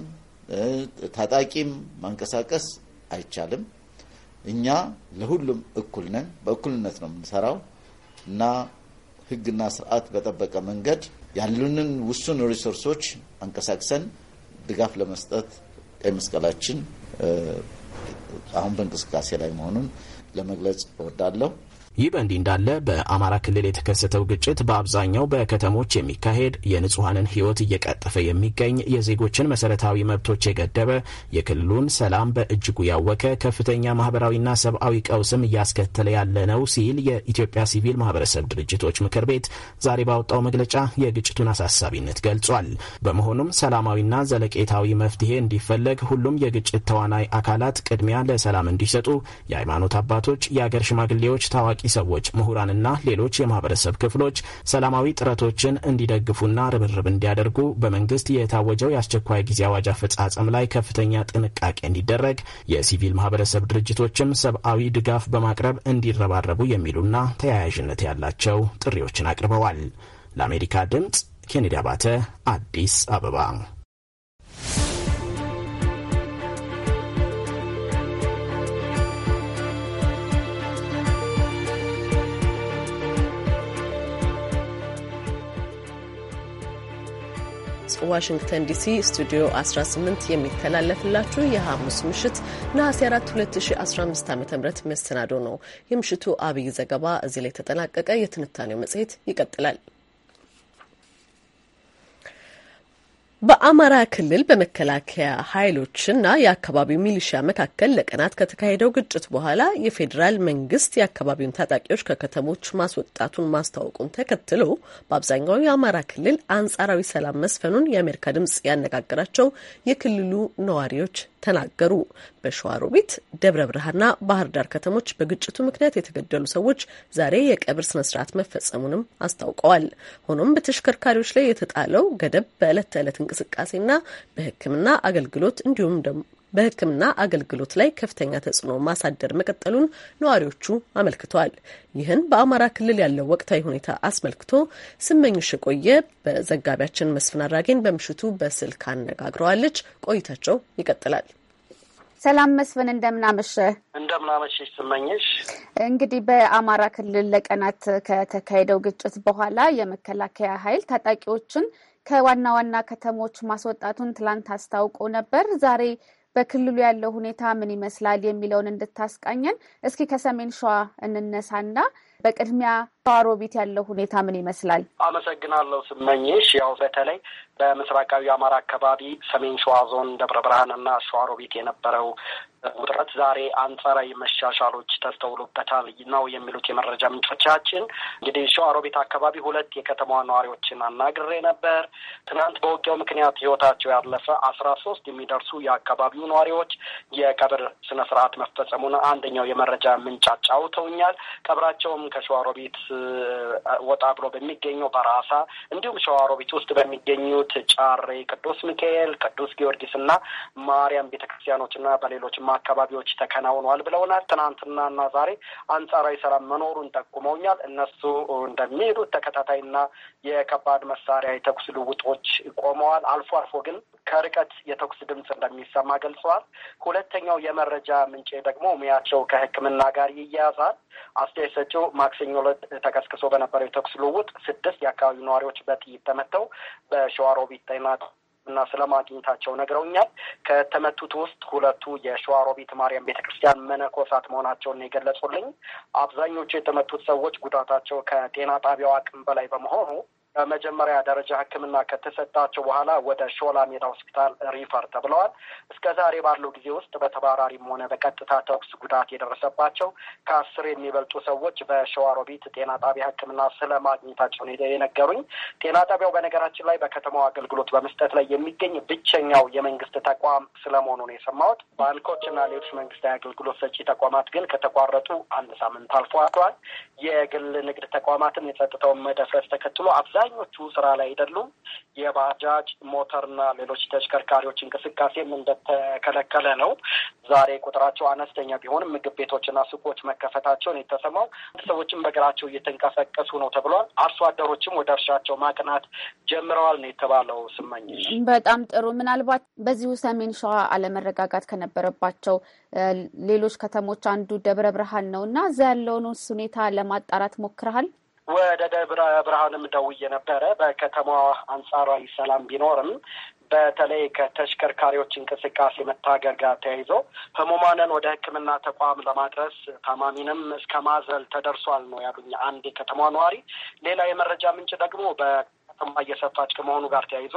ታጣቂም ማንቀሳቀስ አይቻልም። እኛ ለሁሉም እኩል ነን፣ በእኩልነት ነው የምንሰራው እና ሕግና ስርዓት በጠበቀ መንገድ ያሉንን ውሱን ሪሶርሶች አንቀሳቅሰን ድጋፍ ለመስጠት ቀይ መስቀላችን አሁን በእንቅስቃሴ ላይ መሆኑን ለመግለጽ እወዳለሁ። ይህ በእንዲህ እንዳለ በአማራ ክልል የተከሰተው ግጭት በአብዛኛው በከተሞች የሚካሄድ የንጹሐንን ህይወት እየቀጠፈ የሚገኝ የዜጎችን መሰረታዊ መብቶች የገደበ የክልሉን ሰላም በእጅጉ ያወከ ከፍተኛ ማህበራዊና ሰብአዊ ቀውስም እያስከተለ ያለ ነው ሲል የኢትዮጵያ ሲቪል ማህበረሰብ ድርጅቶች ምክር ቤት ዛሬ ባወጣው መግለጫ የግጭቱን አሳሳቢነት ገልጿል። በመሆኑም ሰላማዊና ዘለቄታዊ መፍትሄ እንዲፈለግ ሁሉም የግጭት ተዋናይ አካላት ቅድሚያ ለሰላም እንዲሰጡ የሃይማኖት አባቶች፣ የአገር ሽማግሌዎች፣ ታዋቂ ታዋቂ ሰዎች፣ ምሁራንና ሌሎች የማህበረሰብ ክፍሎች ሰላማዊ ጥረቶችን እንዲደግፉና ርብርብ እንዲያደርጉ በመንግስት የታወጀው የአስቸኳይ ጊዜ አዋጅ አፈጻጸም ላይ ከፍተኛ ጥንቃቄ እንዲደረግ የሲቪል ማህበረሰብ ድርጅቶችም ሰብአዊ ድጋፍ በማቅረብ እንዲረባረቡ የሚሉና ተያያዥነት ያላቸው ጥሪዎችን አቅርበዋል። ለአሜሪካ ድምጽ ኬኔዲ አባተ አዲስ አበባ ዋሽንግተን ዲሲ ስቱዲዮ 18 የሚተላለፍላችሁ የሐሙስ ምሽት ነሐሴ 4 2015 ዓ ም መሰናዶ ነው። የምሽቱ አብይ ዘገባ እዚህ ላይ ተጠናቀቀ። የትንታኔው መጽሔት ይቀጥላል። በአማራ ክልል በመከላከያ ኃይሎችና የአካባቢው ሚሊሻ መካከል ለቀናት ከተካሄደው ግጭት በኋላ የፌዴራል መንግስት የአካባቢውን ታጣቂዎች ከከተሞች ማስወጣቱን ማስታወቁን ተከትሎ በአብዛኛው የአማራ ክልል አንጻራዊ ሰላም መስፈኑን የአሜሪካ ድምጽ ያነጋገራቸው የክልሉ ነዋሪዎች ተናገሩ። በሸዋሮቢት፣ ደብረ ብርሃንና ባህር ዳር ከተሞች በግጭቱ ምክንያት የተገደሉ ሰዎች ዛሬ የቀብር ስነስርዓት መፈጸሙንም አስታውቀዋል። ሆኖም በተሽከርካሪዎች ላይ የተጣለው ገደብ በዕለት ተዕለት እንቅስቃሴና በሕክምና አገልግሎት እንዲሁም በሕክምና አገልግሎት ላይ ከፍተኛ ተጽዕኖ ማሳደር መቀጠሉን ነዋሪዎቹ አመልክተዋል። ይህን በአማራ ክልል ያለው ወቅታዊ ሁኔታ አስመልክቶ ስመኝሽ የቆየ በዘጋቢያችን መስፍን አድራጌን በምሽቱ በስልክ አነጋግረዋለች። ቆይታቸው ይቀጥላል። ሰላም መስፍን፣ እንደምናመሸ እንደምናመሸሽ ስመኝሽ። እንግዲህ በአማራ ክልል ለቀናት ከተካሄደው ግጭት በኋላ የመከላከያ ኃይል ታጣቂዎችን ከዋና ዋና ከተሞች ማስወጣቱን ትላንት አስታውቆ ነበር። ዛሬ በክልሉ ያለው ሁኔታ ምን ይመስላል የሚለውን እንድታስቃኘን እስኪ ከሰሜን ሸዋ እንነሳና በቅድሚያ በአሮቢት ያለው ሁኔታ ምን ይመስላል? አመሰግናለሁ ስመኝሽ። ያው በተለይ በምስራቃዊ አማራ አካባቢ ሰሜን ሸዋ ዞን ደብረ ብርሃንና ሸዋሮቢት የነበረው ውጥረት ዛሬ አንጻራዊ መሻሻሎች ተስተውሎበታል ነው የሚሉት የመረጃ ምንጮቻችን። እንግዲህ ሸዋሮቢት አካባቢ ሁለት የከተማዋ ነዋሪዎችን አናግሬ ነበር። ትናንት በውጊያው ምክንያት ሕይወታቸው ያለፈ አስራ ሶስት የሚደርሱ የአካባቢው ነዋሪዎች የቀብር ስነ ስርዓት መፈጸሙን አንደኛው የመረጃ ምንጭ አጫውተውኛል። ቀብራቸውም ከሸዋሮቢት ወጣ ብሎ በሚገኘው በራሳ እንዲሁም ሸዋሮቢት ውስጥ በሚገኙት ጫሬ፣ ቅዱስ ሚካኤል፣ ቅዱስ ጊዮርጊስ እና ማርያም ቤተክርስቲያኖች እና በሌሎችም አካባቢዎች ተከናውኗል ብለውናል። ትናንትና እና ዛሬ አንጻራዊ ሰላም መኖሩን ጠቁመውኛል። እነሱ እንደሚሄዱት ተከታታይና የከባድ መሳሪያ የተኩስ ልውጦች ቆመዋል። አልፎ አልፎ ግን ከርቀት የተኩስ ድምፅ እንደሚሰማ ገልጸዋል። ሁለተኛው የመረጃ ምንጭ ደግሞ ሙያቸው ከሕክምና ጋር ይያያዛል። አስተያየት ሰጪው ማክሰኞ ዕለት ተቀስቅሶ በነበረው የተኩስ ልውውጥ ስድስት የአካባቢው ነዋሪዎች በጥይት ተመተው በሸዋሮቢት ጤና እና ስለማግኘታቸው ነግረውኛል። ከተመቱት ውስጥ ሁለቱ የሸዋሮቢት ማርያም ቤተክርስቲያን መነኮሳት መሆናቸውን የገለጹልኝ። አብዛኞቹ የተመቱት ሰዎች ጉዳታቸው ከጤና ጣቢያው አቅም በላይ በመሆኑ በመጀመሪያ ደረጃ ሕክምና ከተሰጣቸው በኋላ ወደ ሾላ ሜዳ ሆስፒታል ሪፈር ተብለዋል። እስከ ዛሬ ባለው ጊዜ ውስጥ በተባራሪም ሆነ በቀጥታ ተኩስ ጉዳት የደረሰባቸው ከአስር የሚበልጡ ሰዎች በሸዋሮቢት ጤና ጣቢያ ሕክምና ስለማግኘታቸውን የነገሩኝ ጤና ጣቢያው በነገራችን ላይ በከተማው አገልግሎት በመስጠት ላይ የሚገኝ ብቸኛው የመንግስት ተቋም ስለመሆኑ ነው የሰማሁት። ባንኮች እና ሌሎች መንግስታዊ አገልግሎት ሰጪ ተቋማት ግን ከተቋረጡ አንድ ሳምንት አልፏቸዋል። የግል ንግድ ተቋማትም የጸጥታውን መደፍረስ ተከትሎ አብዛ አብዛኞቹ ስራ ላይ አይደሉም። የባጃጅ ሞተርና ሌሎች ተሽከርካሪዎች እንቅስቃሴም እንደተከለከለ ነው። ዛሬ ቁጥራቸው አነስተኛ ቢሆንም ምግብ ቤቶችና ሱቆች መከፈታቸውን የተሰማው ሰዎችም በእግራቸው እየተንቀሳቀሱ ነው ተብሏል። አርሶ አደሮችም ወደ እርሻቸው ማቅናት ጀምረዋል ነው የተባለው። ስመኝሽ በጣም ጥሩ። ምናልባት በዚሁ ሰሜን ሸዋ አለመረጋጋት ከነበረባቸው ሌሎች ከተሞች አንዱ ደብረ ብርሃን ነው እና እዛ ያለውን ሁኔታ ለማጣራት ሞክረሃል? ወደ ደብረ ብርሃንም ደውዬ ነበረ። በከተማዋ አንጻራዊ ሰላም ቢኖርም በተለይ ከተሽከርካሪዎች እንቅስቃሴ መታገር ጋር ተያይዞ ህሙማንን ወደ ሕክምና ተቋም ለማድረስ ታማሚንም እስከ ማዘል ተደርሷል ነው ያሉኝ አንድ የከተማ ነዋሪ። ሌላ የመረጃ ምንጭ ደግሞ ከተማ እየሰፋች ከመሆኑ ጋር ተያይዞ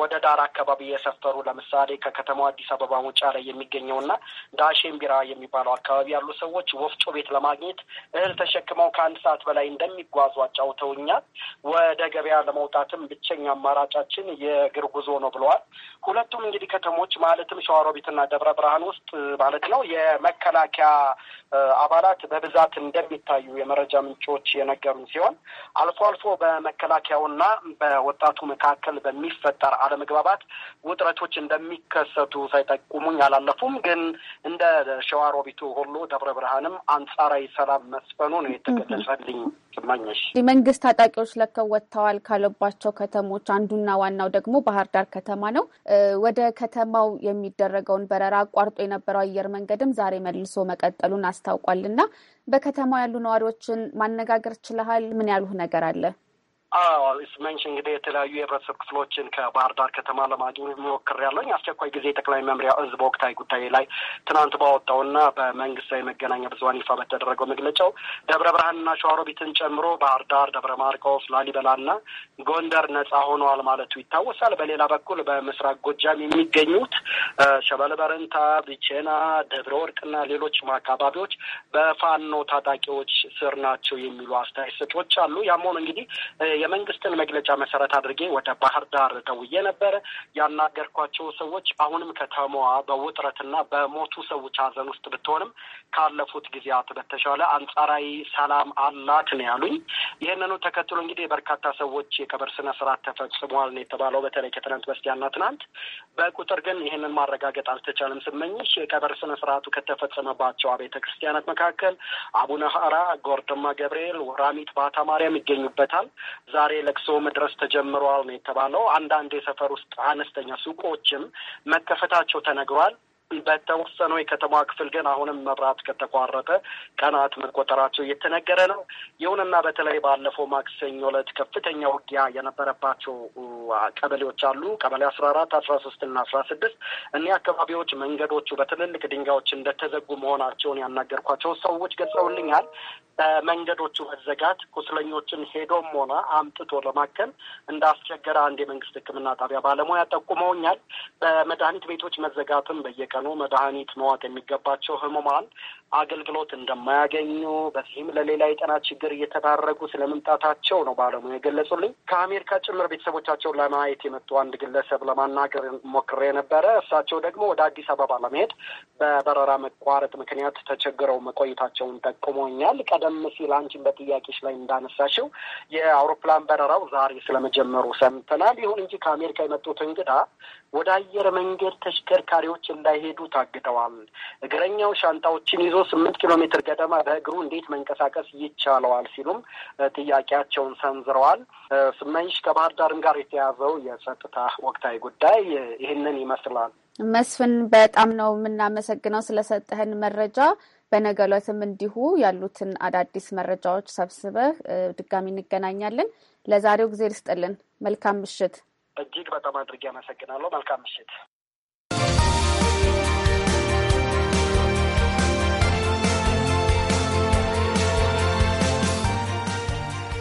ወደ ዳር አካባቢ እየሰፈሩ ለምሳሌ ከከተማው አዲስ አበባ ውጫ ላይ የሚገኘውና ዳሽን ቢራ የሚባለው አካባቢ ያሉ ሰዎች ወፍጮ ቤት ለማግኘት እህል ተሸክመው ከአንድ ሰዓት በላይ እንደሚጓዙ አጫውተውኛል። ወደ ገበያ ለመውጣትም ብቸኛ አማራጫችን የእግር ጉዞ ነው ብለዋል። ሁለቱም እንግዲህ ከተሞች ማለትም ሸዋሮቢትና ደብረ ብርሃን ውስጥ ማለት ነው የመከላከያ አባላት በብዛት እንደሚታዩ የመረጃ ምንጮች የነገሩን ሲሆን አልፎ አልፎ በመከላከያውና በወጣቱ መካከል በሚፈጠር አለመግባባት ውጥረቶች እንደሚከሰቱ ሳይጠቁሙኝ አላለፉም። ግን እንደ ሸዋሮቢቱ ሁሉ ደብረ ብርሃንም አንጻራዊ ሰላም መስፈኑ ነው የተገለጸልኝ። ማኘሽ መንግስት ታጣቂዎች ለከው ወጥተዋል ካለባቸው ከተሞች አንዱና ዋናው ደግሞ ባህር ዳር ከተማ ነው። ወደ ከተማው የሚደረገውን በረራ አቋርጦ የነበረው አየር መንገድም ዛሬ መልሶ መቀጠሉን አስ አስታውቋልና በከተማው ያሉ ነዋሪዎችን ማነጋገር ችለሃል? ምን ያሉህ ነገር አለ? ስመንሽ እንግዲህ የተለያዩ የህብረተሰብ ክፍሎችን ከባህር ዳር ከተማ ለማግኘት ሞክር ያለኝ አስቸኳይ ጊዜ ጠቅላይ መምሪያ እዝ በወቅታዊ ጉዳይ ላይ ትናንት ባወጣውና በመንግስታዊ መገናኛ ብዙኃን ይፋ በተደረገው መግለጫው ደብረ ብርሃንና ሸዋሮቢትን ጨምሮ ባህር ዳር፣ ደብረ ማርቆስ፣ ላሊበላና ጎንደር ነጻ ሆነዋል ማለቱ ይታወሳል። በሌላ በኩል በምስራቅ ጎጃም የሚገኙት ሸበል በረንታ፣ ብቼና፣ ደብረ ወርቅና ሌሎችም አካባቢዎች በፋኖ ታጣቂዎች ስር ናቸው የሚሉ አስተያየት ሰጮች አሉ። ያም ሆኖ እንግዲህ የመንግስትን መግለጫ መሰረት አድርጌ ወደ ባህር ዳር ደውዬ ነበር። ያናገርኳቸው ሰዎች አሁንም ከተማዋ በውጥረትና በሞቱ ሰዎች ሀዘን ውስጥ ብትሆንም ካለፉት ጊዜያት በተሻለ አንጻራዊ ሰላም አላት ነው ያሉኝ። ይህንኑ ተከትሎ እንግዲህ በርካታ ሰዎች የቀብር ስነ ስርዓት ተፈጽሟል ነው የተባለው። በተለይ ከትናንት በስቲያና ትናንት በቁጥር ግን ይህንን ማረጋገጥ አልተቻለም። ስመኝሽ የቀብር ስነ ስርዓቱ ከተፈጸመባቸው አቤተ ክርስቲያናት መካከል አቡነ ሀራ፣ ጎርድማ ገብርኤል፣ ወራሚት ባታ ማርያም ይገኙበታል። ዛሬ ለቅሶ መድረስ ተጀምሯል ነው የተባለው። አንዳንድ የሰፈር ውስጥ አነስተኛ ሱቆችም መከፈታቸው ተነግሯል። በተወሰኑ የከተማ ክፍል ግን አሁንም መብራት ከተቋረጠ ቀናት መቆጠራቸው እየተነገረ ነው። ይሁንና በተለይ ባለፈው ማክሰኞ ዕለት ከፍተኛ ውጊያ የነበረባቸው ቀበሌዎች አሉ። ቀበሌ አስራ አራት አስራ ሶስት እና አስራ ስድስት እኒህ አካባቢዎች መንገዶቹ በትልልቅ ድንጋዮች እንደተዘጉ መሆናቸውን ያናገርኳቸው ሰዎች ገልጸውልኛል። በመንገዶቹ መዘጋት ቁስለኞችን ሄዶም ሆነ አምጥቶ ለማከም እንዳስቸገረ አንድ የመንግስት ሕክምና ጣቢያ ባለሙያ ጠቁመውኛል። በመድኃኒት ቤቶች መዘጋትም በየቀ ተጽዕኖ መድኃኒት መዋጥ የሚገባቸው ህሙማን አገልግሎት እንደማያገኙ በዚህም ለሌላ የጤና ችግር እየተዳረጉ ስለመምጣታቸው ነው ባለሙያ የገለጹልኝ። ከአሜሪካ ጭምር ቤተሰቦቻቸውን ለማየት የመጡ አንድ ግለሰብ ለማናገር ሞክሬ ነበረ። እሳቸው ደግሞ ወደ አዲስ አበባ ለመሄድ በበረራ መቋረጥ ምክንያት ተቸግረው መቆየታቸውን ጠቁሞኛል። ቀደም ሲል አንቺን በጥያቄሽ ላይ እንዳነሳሽው የአውሮፕላን በረራው ዛሬ ስለመጀመሩ ሰምተናል። ይሁን እንጂ ከአሜሪካ የመጡት እንግዳ ወደ አየር መንገድ ተሽከርካሪዎች እንዳይሄዱ ታግደዋል። እግረኛው ሻንጣዎችን ይዞ ስምንት ኪሎ ሜትር ገደማ በእግሩ እንዴት መንቀሳቀስ ይቻለዋል ሲሉም ጥያቄያቸውን ሰንዝረዋል። ስመኝሽ ከባህር ዳርም ጋር የተያዘው የጸጥታ ወቅታዊ ጉዳይ ይህንን ይመስላል። መስፍን፣ በጣም ነው የምናመሰግነው ስለሰጠህን መረጃ። በነገ ዕለትም እንዲሁ ያሉትን አዳዲስ መረጃዎች ሰብስበህ ድጋሚ እንገናኛለን። ለዛሬው ጊዜ ልስጥልን። መልካም ምሽት። እጅግ በጣም አድርጌ አመሰግናለሁ። መልካም ምሽት።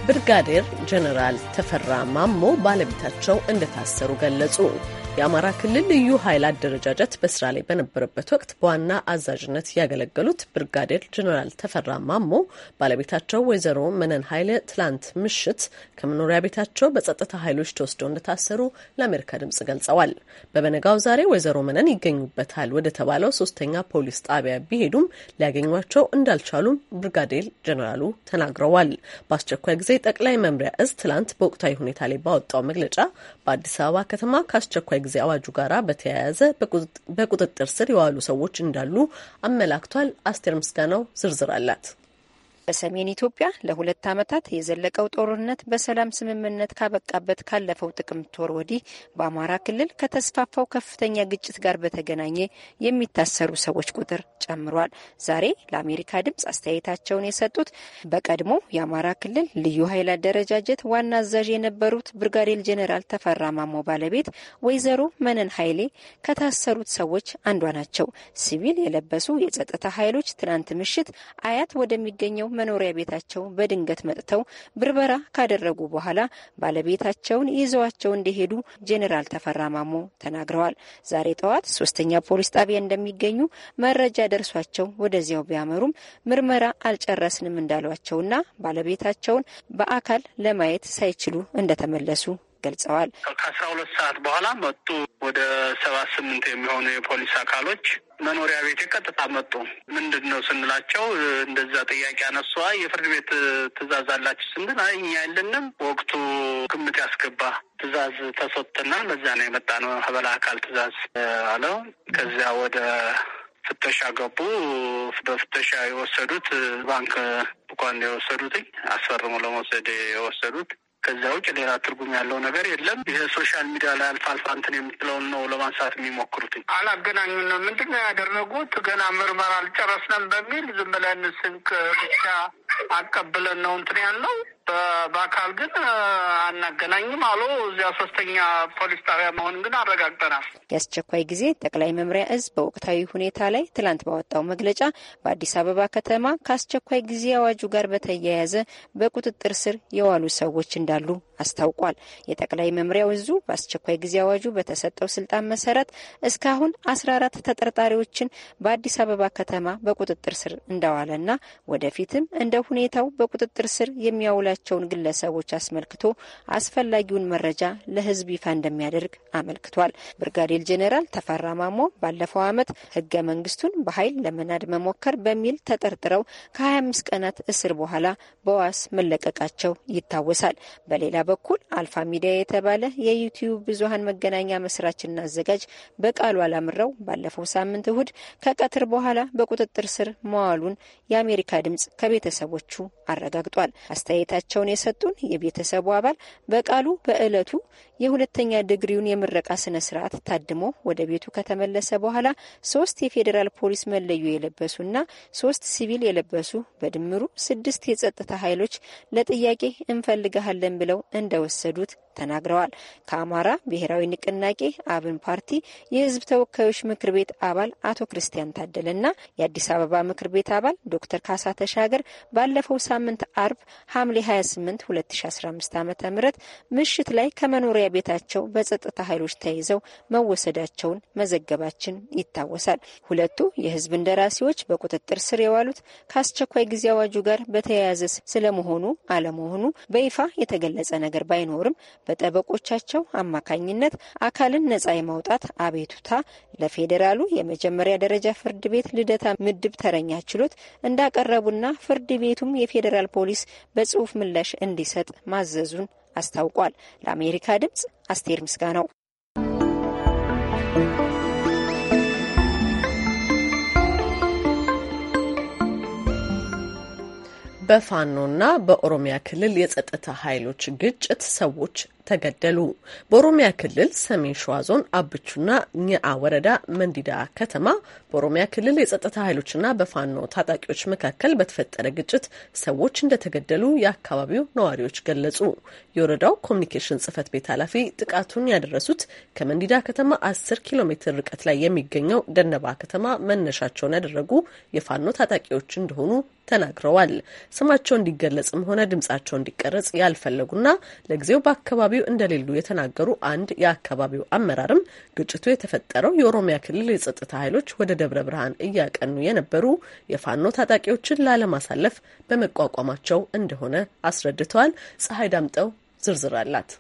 ብርጋዴር ጀነራል ተፈራ ማሞ ባለቤታቸው እንደታሰሩ ገለጹ። የአማራ ክልል ልዩ ኃይል አደረጃጀት በስራ ላይ በነበረበት ወቅት በዋና አዛዥነት ያገለገሉት ብርጋዴር ጀኔራል ተፈራ ማሞ ባለቤታቸው ወይዘሮ መነን ኃይለ ትላንት ምሽት ከመኖሪያ ቤታቸው በጸጥታ ኃይሎች ተወስደው እንደታሰሩ ለአሜሪካ ድምጽ ገልጸዋል። በበነጋው ዛሬ ወይዘሮ መነን ይገኙበታል ወደ ተባለው ሶስተኛ ፖሊስ ጣቢያ ቢሄዱም ሊያገኟቸው እንዳልቻሉም ብርጋዴር ጀኔራሉ ተናግረዋል። በአስቸኳይ ጊዜ ጠቅላይ መምሪያ እዝ ትላንት በወቅታዊ ሁኔታ ላይ ባወጣው መግለጫ በአዲስ አበባ ከተማ ከአስቸኳይ ጊዜ አዋጁ ጋር በተያያዘ በቁጥጥር ስር የዋሉ ሰዎች እንዳሉ አመላክቷል። አስቴር ምስጋናው ዝርዝር አላት። በሰሜን ኢትዮጵያ ለሁለት ዓመታት የዘለቀው ጦርነት በሰላም ስምምነት ካበቃበት ካለፈው ጥቅምት ወር ወዲህ በአማራ ክልል ከተስፋፋው ከፍተኛ ግጭት ጋር በተገናኘ የሚታሰሩ ሰዎች ቁጥር ጨምሯል። ዛሬ ለአሜሪካ ድምፅ አስተያየታቸውን የሰጡት በቀድሞ የአማራ ክልል ልዩ ኃይል አደረጃጀት ዋና አዛዥ የነበሩት ብርጋዴር ጄኔራል ተፈራ ማሞ ባለቤት ወይዘሮ መነን ኃይሌ ከታሰሩት ሰዎች አንዷ ናቸው። ሲቪል የለበሱ የጸጥታ ኃይሎች ትናንት ምሽት አያት ወደሚገኘው መኖሪያ ቤታቸው በድንገት መጥተው ብርበራ ካደረጉ በኋላ ባለቤታቸውን ይዘዋቸው እንደሄዱ ጄኔራል ተፈራ ማሞ ተናግረዋል። ዛሬ ጠዋት ሶስተኛ ፖሊስ ጣቢያ እንደሚገኙ መረጃ ደርሷቸው ወደዚያው ቢያመሩም ምርመራ አልጨረስንም እንዳሏቸውና ባለቤታቸውን በአካል ለማየት ሳይችሉ እንደተመለሱ ገልጸዋል። ከአስራ ሁለት ሰዓት በኋላ መጡ። ወደ ሰባት ስምንት የሚሆኑ የፖሊስ አካሎች መኖሪያ ቤት ቀጥታ መጡ። ምንድን ነው ስንላቸው እንደዛ ጥያቄ አነሷ። የፍርድ ቤት ትእዛዝ አላችሁ ስንል አይ እኛ የለንም ወቅቱ ግምት ያስገባ ትእዛዝ ተሰጥቶና ለዛ ነው የመጣ ነው ሀበላ አካል ትእዛዝ አለው። ከዚያ ወደ ፍተሻ ገቡ። በፍተሻ የወሰዱት ባንክ እንኳን የወሰዱትኝ አስፈርሞ ለመውሰድ የወሰዱት ከዛ ውጭ ሌላ ትርጉም ያለው ነገር የለም። ይህ ሶሻል ሚዲያ ላይ አልፋ አልፋ እንትን የምትለውን ነው ለማንሳት የሚሞክሩት። አላገናኙም ነው ምንድን ነው ያደረጉት? ገና ምርመራ አልጨረስንም በሚል ዝም ብለን ስንክ ብቻ አቀብለን ነው እንትን ያለው። በአካል ግን አናገናኝም አሉ። እዚያ ሶስተኛ ፖሊስ ጣቢያ መሆን ግን አረጋግጠናል። የአስቸኳይ ጊዜ ጠቅላይ መምሪያ እዝ በወቅታዊ ሁኔታ ላይ ትላንት ባወጣው መግለጫ በአዲስ አበባ ከተማ ከአስቸኳይ ጊዜ አዋጁ ጋር በተያያዘ በቁጥጥር ስር የዋሉ ሰዎች እንዳሉ አስታውቋል። የጠቅላይ መምሪያው እዙ በአስቸኳይ ጊዜ አዋጁ በተሰጠው ስልጣን መሰረት እስካሁን አስራ አራት ተጠርጣሪዎችን በአዲስ አበባ ከተማ በቁጥጥር ስር እንደዋለና ወደፊትም እንደ ሁኔታው በቁጥጥር ስር የሚያውላቸውን ግለሰቦች አስመልክቶ አስፈላጊውን መረጃ ለህዝብ ይፋ እንደሚያደርግ አመልክቷል። ብርጋዴር ጄኔራል ተፈራ ማሞ ባለፈው ዓመት ህገ መንግስቱን በኃይል ለመናድ መሞከር በሚል ተጠርጥረው ከ25 ቀናት እስር በኋላ በዋስ መለቀቃቸው ይታወሳል። በሌላ በኩል አልፋ ሚዲያ የተባለ የዩቲዩብ ብዙሀን መገናኛ መስራችና አዘጋጅ በቃሉ አላምረው ባለፈው ሳምንት እሁድ ከቀትር በኋላ በቁጥጥር ስር መዋሉን የአሜሪካ ድምጽ ከቤተሰቦቹ አረጋግጧል። አስተያየታቸውን የሰጡን የቤተሰቡ አባል በቃሉ በዕለቱ የሁለተኛ ድግሪውን የምረቃ ስነ ስርዓት ታድሞ ወደ ቤቱ ከተመለሰ በኋላ ሶስት የፌዴራል ፖሊስ መለዮ የለበሱና ሶስት ሲቪል የለበሱ በድምሩ ስድስት የጸጥታ ኃይሎች ለጥያቄ እንፈልግሃለን ብለው እንደወሰዱት ተናግረዋል። ከአማራ ብሔራዊ ንቅናቄ አብን ፓርቲ የህዝብ ተወካዮች ምክር ቤት አባል አቶ ክርስቲያን ታደለና የአዲስ አበባ ምክር ቤት አባል ዶክተር ካሳ ተሻገር ባለፈው ሳምንት አርብ ሐምሌ 28 2015 ዓ ም ምሽት ላይ ከመኖሪያ ቤታቸው በጸጥታ ኃይሎች ተይዘው መወሰዳቸውን መዘገባችን ይታወሳል። ሁለቱ የህዝብ እንደራሴዎች በቁጥጥር ስር የዋሉት ከአስቸኳይ ጊዜ አዋጁ ጋር በተያያዘ ስለመሆኑ አለመሆኑ በይፋ የተገለጸ ነገር ባይኖርም በጠበቆቻቸው አማካኝነት አካልን ነጻ የማውጣት አቤቱታ ለፌዴራሉ የመጀመሪያ ደረጃ ፍርድ ቤት ልደታ ምድብ ተረኛ ችሎት እንዳቀረቡና ፍርድ ቤቱም የፌዴራል ፖሊስ በጽሁፍ ምላሽ እንዲሰጥ ማዘዙን አስታውቋል። ለአሜሪካ ድምጽ አስቴር ምስጋናው። በፋኖና በኦሮሚያ ክልል የጸጥታ ኃይሎች ግጭት ሰዎች ተገደሉ። በኦሮሚያ ክልል ሰሜን ሸዋ ዞን አብቹና ኝአ ወረዳ መንዲዳ ከተማ በኦሮሚያ ክልል የጸጥታ ኃይሎችና በፋኖ ታጣቂዎች መካከል በተፈጠረ ግጭት ሰዎች እንደተገደሉ የአካባቢው ነዋሪዎች ገለጹ። የወረዳው ኮሚኒኬሽን ጽህፈት ቤት ኃላፊ ጥቃቱን ያደረሱት ከመንዲዳ ከተማ አስር ኪሎ ሜትር ርቀት ላይ የሚገኘው ደነባ ከተማ መነሻቸውን ያደረጉ የፋኖ ታጣቂዎች እንደሆኑ ተናግረዋል። ስማቸው እንዲገለጽም ሆነ ድምጻቸው እንዲቀረጽ ያልፈለጉና ለጊዜው በአካባቢው በአካባቢው እንደሌሉ የተናገሩ አንድ የአካባቢው አመራርም ግጭቱ የተፈጠረው የኦሮሚያ ክልል የጸጥታ ኃይሎች ወደ ደብረ ብርሃን እያቀኑ የነበሩ የፋኖ ታጣቂዎችን ላለማሳለፍ በመቋቋማቸው እንደሆነ አስረድተዋል። ፀሐይ ዳምጠው ዝርዝር አላት።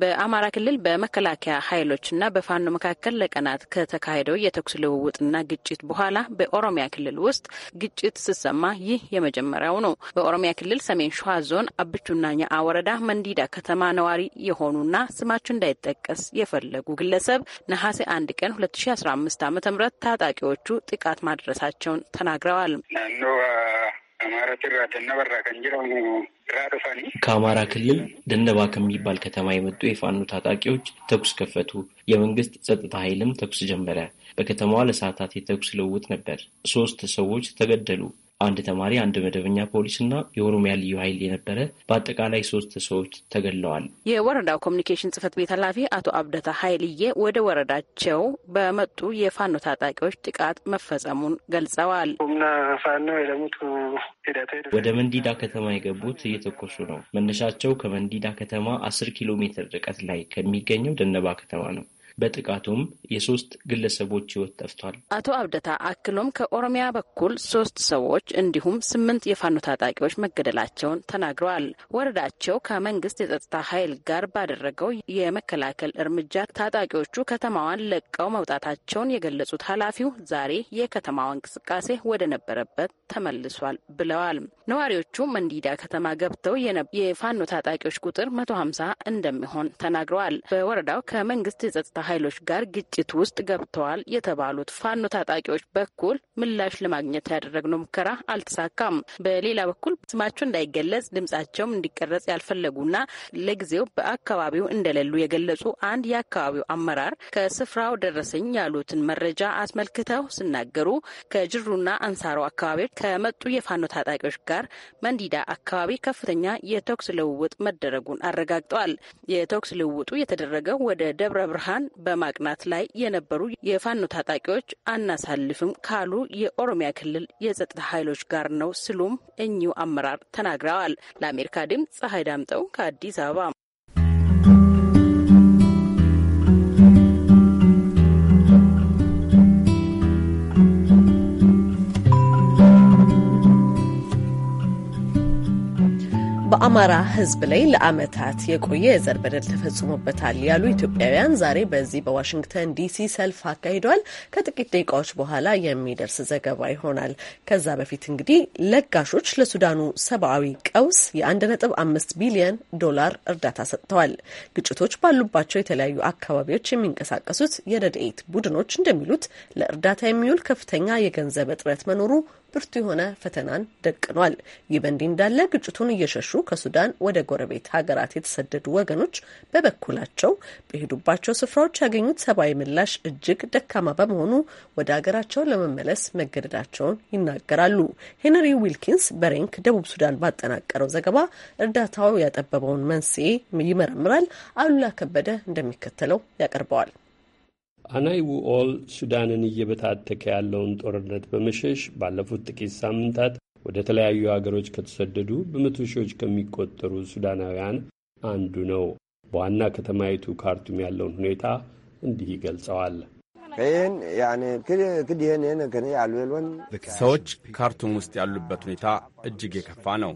በአማራ ክልል በመከላከያ ኃይሎችና በፋኖ መካከል ለቀናት ከተካሄደው የተኩስ ልውውጥና ግጭት በኋላ በኦሮሚያ ክልል ውስጥ ግጭት ስሰማ ይህ የመጀመሪያው ነው። በኦሮሚያ ክልል ሰሜን ሸዋ ዞን አብቹና አወረዳ ወረዳ መንዲዳ ከተማ ነዋሪ የሆኑና ስማቸው እንዳይጠቀስ የፈለጉ ግለሰብ ነሐሴ አንድ ቀን 2015 ዓ ም ታጣቂዎቹ ጥቃት ማድረሳቸውን ተናግረዋል። ከአማራ ክልል ደነባ ከሚባል ከተማ የመጡ የፋኖ ታጣቂዎች ተኩስ ከፈቱ። የመንግስት ጸጥታ ኃይልም ተኩስ ጀመረ። በከተማዋ ለሰዓታት የተኩስ ልውውጥ ነበር። ሶስት ሰዎች ተገደሉ። አንድ ተማሪ፣ አንድ መደበኛ ፖሊስ እና የኦሮሚያ ልዩ ኃይል የነበረ በአጠቃላይ ሶስት ሰዎች ተገድለዋል። የወረዳው ኮሚኒኬሽን ጽህፈት ቤት ኃላፊ አቶ አብደታ ኃይልዬ ወደ ወረዳቸው በመጡ የፋኖ ታጣቂዎች ጥቃት መፈጸሙን ገልጸዋል። ወደ መንዲዳ ከተማ የገቡት እየተኮሱ ነው። መነሻቸው ከመንዲዳ ከተማ አስር ኪሎ ሜትር ርቀት ላይ ከሚገኘው ደነባ ከተማ ነው። በጥቃቱም የሶስት ግለሰቦች ህይወት ጠፍቷል። አቶ አብደታ አክሎም ከኦሮሚያ በኩል ሶስት ሰዎች እንዲሁም ስምንት የፋኖ ታጣቂዎች መገደላቸውን ተናግረዋል። ወረዳቸው ከመንግስት የጸጥታ ኃይል ጋር ባደረገው የመከላከል እርምጃ ታጣቂዎቹ ከተማዋን ለቀው መውጣታቸውን የገለጹት ኃላፊው ዛሬ የከተማዋ እንቅስቃሴ ወደ ነበረበት ተመልሷል ብለዋል። ነዋሪዎቹ መንዲዳ ከተማ ገብተው የፋኖ ታጣቂዎች ቁጥር መቶ ሀምሳ እንደሚሆን ተናግረዋል። በወረዳው ከመንግስት የጸጥታ ኃይሎች ጋር ግጭት ውስጥ ገብተዋል የተባሉት ፋኖ ታጣቂዎች በኩል ምላሽ ለማግኘት ያደረግነው ሙከራ አልተሳካም። በሌላ በኩል ስማቸው እንዳይገለጽ ድምጻቸውም እንዲቀረጽ ያልፈለጉና ለጊዜው በአካባቢው እንደሌሉ የገለጹ አንድ የአካባቢው አመራር ከስፍራው ደረሰኝ ያሉትን መረጃ አስመልክተው ሲናገሩ ከጅሩና አንሳሮ አካባቢዎች ከመጡ የፋኖ ታጣቂዎች ጋር መንዲዳ አካባቢ ከፍተኛ የተኩስ ልውውጥ መደረጉን አረጋግጠዋል። የተኩስ ልውውጡ የተደረገው ወደ ደብረ ብርሃን በማቅናት ላይ የነበሩ የፋኖ ታጣቂዎች አናሳልፍም ካሉ የኦሮሚያ ክልል የጸጥታ ኃይሎች ጋር ነው ሲሉም እኚሁ አመራር ተናግረዋል። ለአሜሪካ ድምፅ ፀሐይ ዳምጠው ከአዲስ አበባ በአማራ ሕዝብ ላይ ለዓመታት የቆየ የዘር በደል ተፈጽሞበታል ያሉ ኢትዮጵያውያን ዛሬ በዚህ በዋሽንግተን ዲሲ ሰልፍ አካሂደዋል። ከጥቂት ደቂቃዎች በኋላ የሚደርስ ዘገባ ይሆናል። ከዛ በፊት እንግዲህ ለጋሾች ለሱዳኑ ሰብአዊ ቀውስ የ አምስት ቢሊዮን ዶላር እርዳታ ሰጥተዋል። ግጭቶች ባሉባቸው የተለያዩ አካባቢዎች የሚንቀሳቀሱት የረድኤት ቡድኖች እንደሚሉት ለእርዳታ የሚውል ከፍተኛ የገንዘብ እጥረት መኖሩ ብርቱ የሆነ ፈተናን ደቅኗል። ይህ በእንዲህ እንዳለ ግጭቱን እየሸሹ ከሱዳን ወደ ጎረቤት ሀገራት የተሰደዱ ወገኖች በበኩላቸው በሄዱባቸው ስፍራዎች ያገኙት ሰብአዊ ምላሽ እጅግ ደካማ በመሆኑ ወደ ሀገራቸው ለመመለስ መገደዳቸውን ይናገራሉ። ሄንሪ ዊልኪንስ በሬንክ ደቡብ ሱዳን ባጠናቀረው ዘገባ እርዳታው ያጠበበውን መንስኤ ይመረምራል። አሉላ ከበደ እንደሚከተለው ያቀርበዋል። ውኦል ሱዳንን እየበታተከ ያለውን ጦርነት በመሸሽ ባለፉት ጥቂት ሳምንታት ወደ ተለያዩ አገሮች ከተሰደዱ በመቶ ሺዎች ከሚቆጠሩ ሱዳናውያን አንዱ ነው። በዋና ከተማይቱ ካርቱም ያለውን ሁኔታ እንዲህ ይገልጸዋል። ሰዎች ካርቱም ውስጥ ያሉበት ሁኔታ እጅግ የከፋ ነው።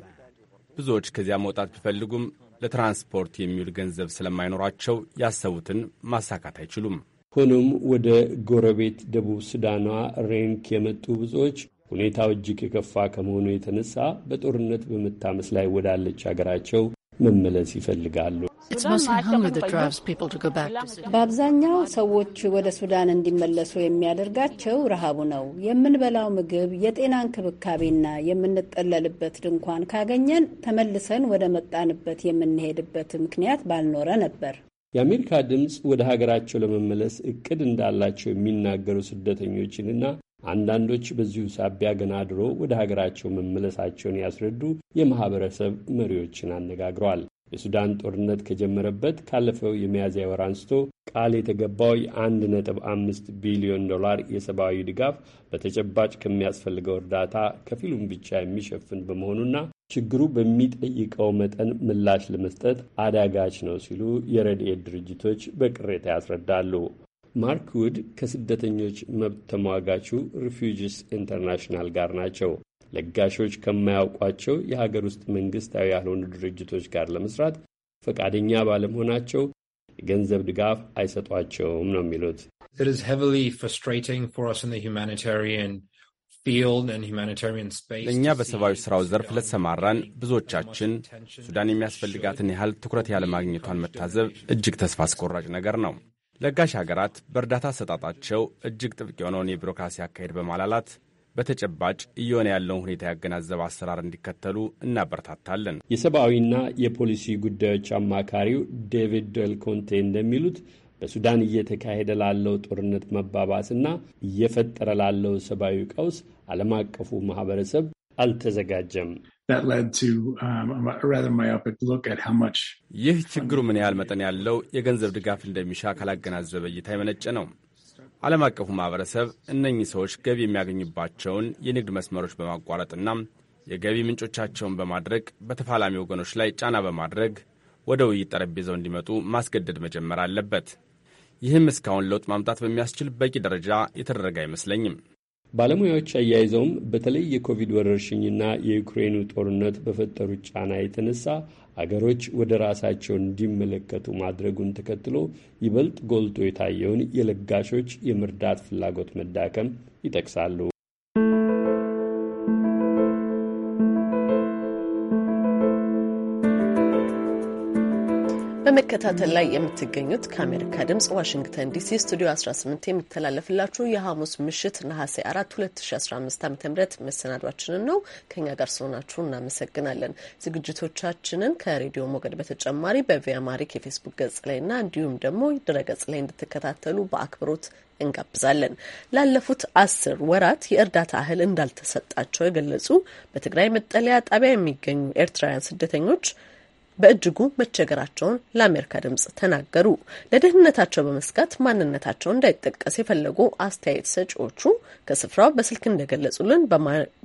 ብዙዎች ከዚያ መውጣት ቢፈልጉም ለትራንስፖርት የሚውል ገንዘብ ስለማይኖራቸው ያሰቡትን ማሳካት አይችሉም። ሆኖም ወደ ጎረቤት ደቡብ ሱዳኗ ሬንክ የመጡ ብዙዎች ሁኔታው እጅግ የከፋ ከመሆኑ የተነሳ በጦርነት በመታመስ ላይ ወዳለች ሀገራቸው መመለስ ይፈልጋሉ። በአብዛኛው ሰዎች ወደ ሱዳን እንዲመለሱ የሚያደርጋቸው ረሃቡ ነው። የምንበላው ምግብ፣ የጤና እንክብካቤና የምንጠለልበት ድንኳን ካገኘን ተመልሰን ወደ መጣንበት የምንሄድበት ምክንያት ባልኖረ ነበር። የአሜሪካ ድምፅ ወደ ሀገራቸው ለመመለስ እቅድ እንዳላቸው የሚናገሩ ስደተኞችንና አንዳንዶች በዚሁ ሳቢያ ገና ድሮ ወደ ሀገራቸው መመለሳቸውን ያስረዱ የማህበረሰብ መሪዎችን አነጋግረዋል። የሱዳን ጦርነት ከጀመረበት ካለፈው የሚያዝያ ወር አንስቶ ቃል የተገባው የአንድ ነጥብ አምስት ቢሊዮን ዶላር የሰብአዊ ድጋፍ በተጨባጭ ከሚያስፈልገው እርዳታ ከፊሉም ብቻ የሚሸፍን በመሆኑና ችግሩ በሚጠይቀው መጠን ምላሽ ለመስጠት አዳጋች ነው ሲሉ የረድኤት ድርጅቶች በቅሬታ ያስረዳሉ። ማርክ ውድ ከስደተኞች መብት ተሟጋቹ ሪፊውጅስ ኢንተርናሽናል ጋር ናቸው። ለጋሾች ከማያውቋቸው የሀገር ውስጥ መንግስታዊ ያልሆኑ ድርጅቶች ጋር ለመስራት ፈቃደኛ ባለመሆናቸው የገንዘብ ድጋፍ አይሰጧቸውም ነው የሚሉት። ለእኛ በሰብአዊ ስራው ዘርፍ ለተሰማራን ብዙዎቻችን ሱዳን የሚያስፈልጋትን ያህል ትኩረት ያለማግኘቷን መታዘብ እጅግ ተስፋ አስቆራጭ ነገር ነው። ለጋሽ ሀገራት በእርዳታ አሰጣጣቸው እጅግ ጥብቅ የሆነውን የቢሮክራሲ አካሄድ በማላላት በተጨባጭ እየሆነ ያለውን ሁኔታ ያገናዘበ አሰራር እንዲከተሉ እናበረታታለን። የሰብአዊና የፖሊሲ ጉዳዮች አማካሪው ዴቪድ ደልኮንቴ እንደሚሉት በሱዳን እየተካሄደ ላለው ጦርነት መባባስና እየፈጠረ ላለው ሰብአዊ ቀውስ ዓለም አቀፉ ማህበረሰብ አልተዘጋጀም። um, ይህ ችግሩ ምን ያህል መጠን ያለው የገንዘብ ድጋፍ እንደሚሻ ካላገናዘበ እይታ የመነጨ ነው። ዓለም አቀፉ ማህበረሰብ እነኚህ ሰዎች ገቢ የሚያገኙባቸውን የንግድ መስመሮች በማቋረጥና የገቢ ምንጮቻቸውን በማድረግ በተፋላሚ ወገኖች ላይ ጫና በማድረግ ወደ ውይይት ጠረጴዛው እንዲመጡ ማስገደድ መጀመር አለበት። ይህም እስካሁን ለውጥ ማምጣት በሚያስችል በቂ ደረጃ የተደረገ አይመስለኝም። ባለሙያዎች አያይዘውም በተለይ የኮቪድ ወረርሽኝና የዩክሬኑ ጦርነት በፈጠሩት ጫና የተነሳ አገሮች ወደ ራሳቸው እንዲመለከቱ ማድረጉን ተከትሎ ይበልጥ ጎልቶ የታየውን የለጋሾች የመርዳት ፍላጎት መዳከም ይጠቅሳሉ። በመከታተል ላይ የምትገኙት ከአሜሪካ ድምጽ ዋሽንግተን ዲሲ ስቱዲዮ 18 የሚተላለፍላችሁ የሐሙስ ምሽት ነሐሴ 4 2015 ዓ ም መሰናዷችንን ነው። ከኛ ጋር ስለሆናችሁ እናመሰግናለን። ዝግጅቶቻችንን ከሬዲዮ ሞገድ በተጨማሪ በቪያማሪክ የፌስቡክ ገጽ ላይና እንዲሁም ደግሞ ድረገጽ ላይ እንድትከታተሉ በአክብሮት እንጋብዛለን። ላለፉት አስር ወራት የእርዳታ እህል እንዳልተሰጣቸው የገለጹ በትግራይ መጠለያ ጣቢያ የሚገኙ ኤርትራውያን ስደተኞች በእጅጉ መቸገራቸውን ለአሜሪካ ድምጽ ተናገሩ። ለደህንነታቸው በመስጋት ማንነታቸው እንዳይጠቀስ የፈለጉ አስተያየት ሰጪዎቹ ከስፍራው በስልክ እንደገለጹልን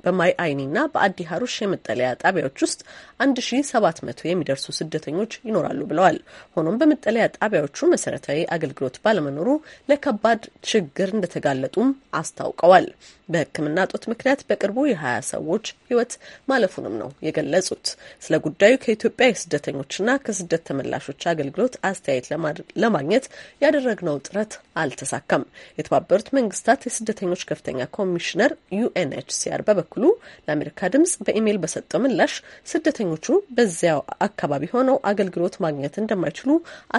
በማይ አይኒና በአዲ ሀሩሽ የመጠለያ ጣቢያዎች ውስጥ 1700 የሚደርሱ ስደተኞች ይኖራሉ ብለዋል። ሆኖም በመጠለያ ጣቢያዎቹ መሰረታዊ አገልግሎት ባለመኖሩ ለከባድ ችግር እንደተጋለጡም አስታውቀዋል። በሕክምና እጦት ምክንያት በቅርቡ የ20 ሰዎች ህይወት ማለፉንም ነው የገለጹት። ስለ ጉዳዩ ከኢትዮጵያ የስደ ስደተኞችና ከስደት ተመላሾች አገልግሎት አስተያየት ለማግኘት ያደረግነው ጥረት አልተሳካም። የተባበሩት መንግስታት የስደተኞች ከፍተኛ ኮሚሽነር ዩኤንኤችሲአር በበኩሉ ለአሜሪካ ድምጽ በኢሜይል በሰጠው ምላሽ ስደተኞቹ በዚያው አካባቢ ሆነው አገልግሎት ማግኘት እንደማይችሉ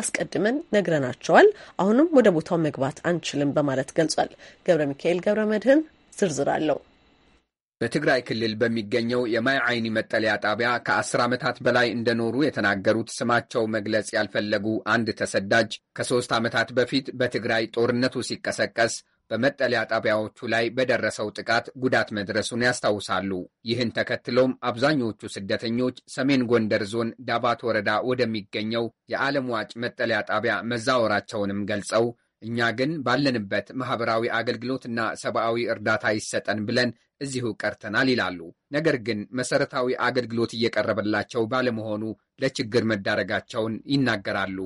አስቀድመን ነግረናቸዋል፣ አሁንም ወደ ቦታው መግባት አንችልም በማለት ገልጿል። ገብረ ሚካኤል ገብረ መድህን ዝርዝር አለው። በትግራይ ክልል በሚገኘው የማይ አይኒ መጠለያ ጣቢያ ከአስር ዓመታት በላይ እንደኖሩ የተናገሩት ስማቸው መግለጽ ያልፈለጉ አንድ ተሰዳጅ ከሦስት ዓመታት በፊት በትግራይ ጦርነቱ ሲቀሰቀስ በመጠለያ ጣቢያዎቹ ላይ በደረሰው ጥቃት ጉዳት መድረሱን ያስታውሳሉ። ይህን ተከትሎም አብዛኞቹ ስደተኞች ሰሜን ጎንደር ዞን ዳባት ወረዳ ወደሚገኘው የዓለም ዋጭ መጠለያ ጣቢያ መዛወራቸውንም ገልጸው እኛ ግን ባለንበት ማህበራዊ አገልግሎትና ሰብአዊ እርዳታ ይሰጠን ብለን እዚሁ ቀርተናል ይላሉ። ነገር ግን መሰረታዊ አገልግሎት እየቀረበላቸው ባለመሆኑ ለችግር መዳረጋቸውን ይናገራሉ።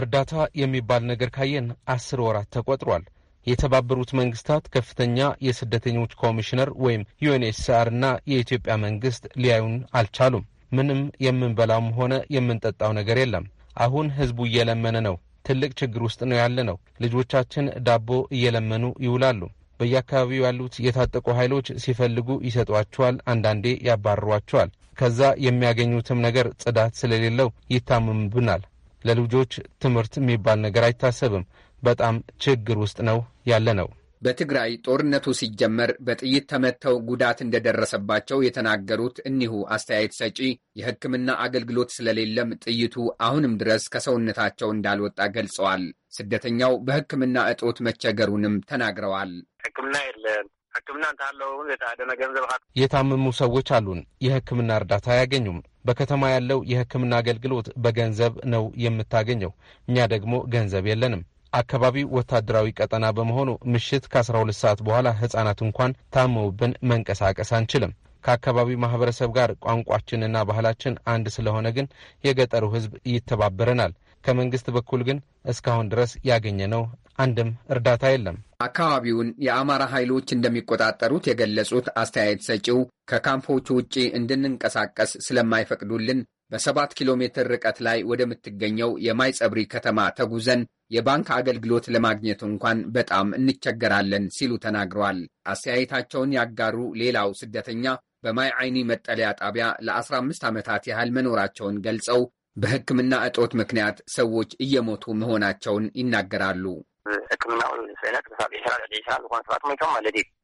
እርዳታ የሚባል ነገር ካየን አስር ወራት ተቆጥሯል። የተባበሩት መንግስታት ከፍተኛ የስደተኞች ኮሚሽነር ወይም ዩኤንኤችሲአር እና የኢትዮጵያ መንግስት ሊያዩን አልቻሉም። ምንም የምንበላውም ሆነ የምንጠጣው ነገር የለም። አሁን ህዝቡ እየለመነ ነው። ትልቅ ችግር ውስጥ ነው ያለ ነው። ልጆቻችን ዳቦ እየለመኑ ይውላሉ። በየአካባቢው ያሉት የታጠቁ ኃይሎች ሲፈልጉ ይሰጧቸዋል፣ አንዳንዴ ያባርሯቸዋል። ከዛ የሚያገኙትም ነገር ጽዳት ስለሌለው ይታመምብናል። ለልጆች ትምህርት የሚባል ነገር አይታሰብም። በጣም ችግር ውስጥ ነው ያለ ነው። በትግራይ ጦርነቱ ሲጀመር በጥይት ተመተው ጉዳት እንደደረሰባቸው የተናገሩት እኒሁ አስተያየት ሰጪ የሕክምና አገልግሎት ስለሌለም ጥይቱ አሁንም ድረስ ከሰውነታቸው እንዳልወጣ ገልጸዋል። ስደተኛው በሕክምና እጦት መቸገሩንም ተናግረዋል። ሕክምና የለም። ሕክምና እንታለው የታደነ ገንዘብ የታመሙ ሰዎች አሉን። የሕክምና እርዳታ አያገኙም። በከተማ ያለው የሕክምና አገልግሎት በገንዘብ ነው የምታገኘው። እኛ ደግሞ ገንዘብ የለንም። አካባቢ ወታደራዊ ቀጠና በመሆኑ ምሽት ከ12 ሰዓት በኋላ ህጻናት እንኳን ታመውብን መንቀሳቀስ አንችልም። ከአካባቢው ማህበረሰብ ጋር ቋንቋችንና ባህላችን አንድ ስለሆነ ግን የገጠሩ ህዝብ ይተባበረናል። ከመንግስት በኩል ግን እስካሁን ድረስ ያገኘነው አንድም እርዳታ የለም። አካባቢውን የአማራ ኃይሎች እንደሚቆጣጠሩት የገለጹት አስተያየት ሰጪው ከካምፖቹ ውጪ እንድንንቀሳቀስ ስለማይፈቅዱልን በሰባት ኪሎ ሜትር ርቀት ላይ ወደምትገኘው የማይጸብሪ ከተማ ተጉዘን የባንክ አገልግሎት ለማግኘት እንኳን በጣም እንቸገራለን ሲሉ ተናግረዋል። አስተያየታቸውን ያጋሩ ሌላው ስደተኛ በማይ አይኒ መጠለያ ጣቢያ ለ15 ዓመታት ያህል መኖራቸውን ገልጸው በሕክምና እጦት ምክንያት ሰዎች እየሞቱ መሆናቸውን ይናገራሉ።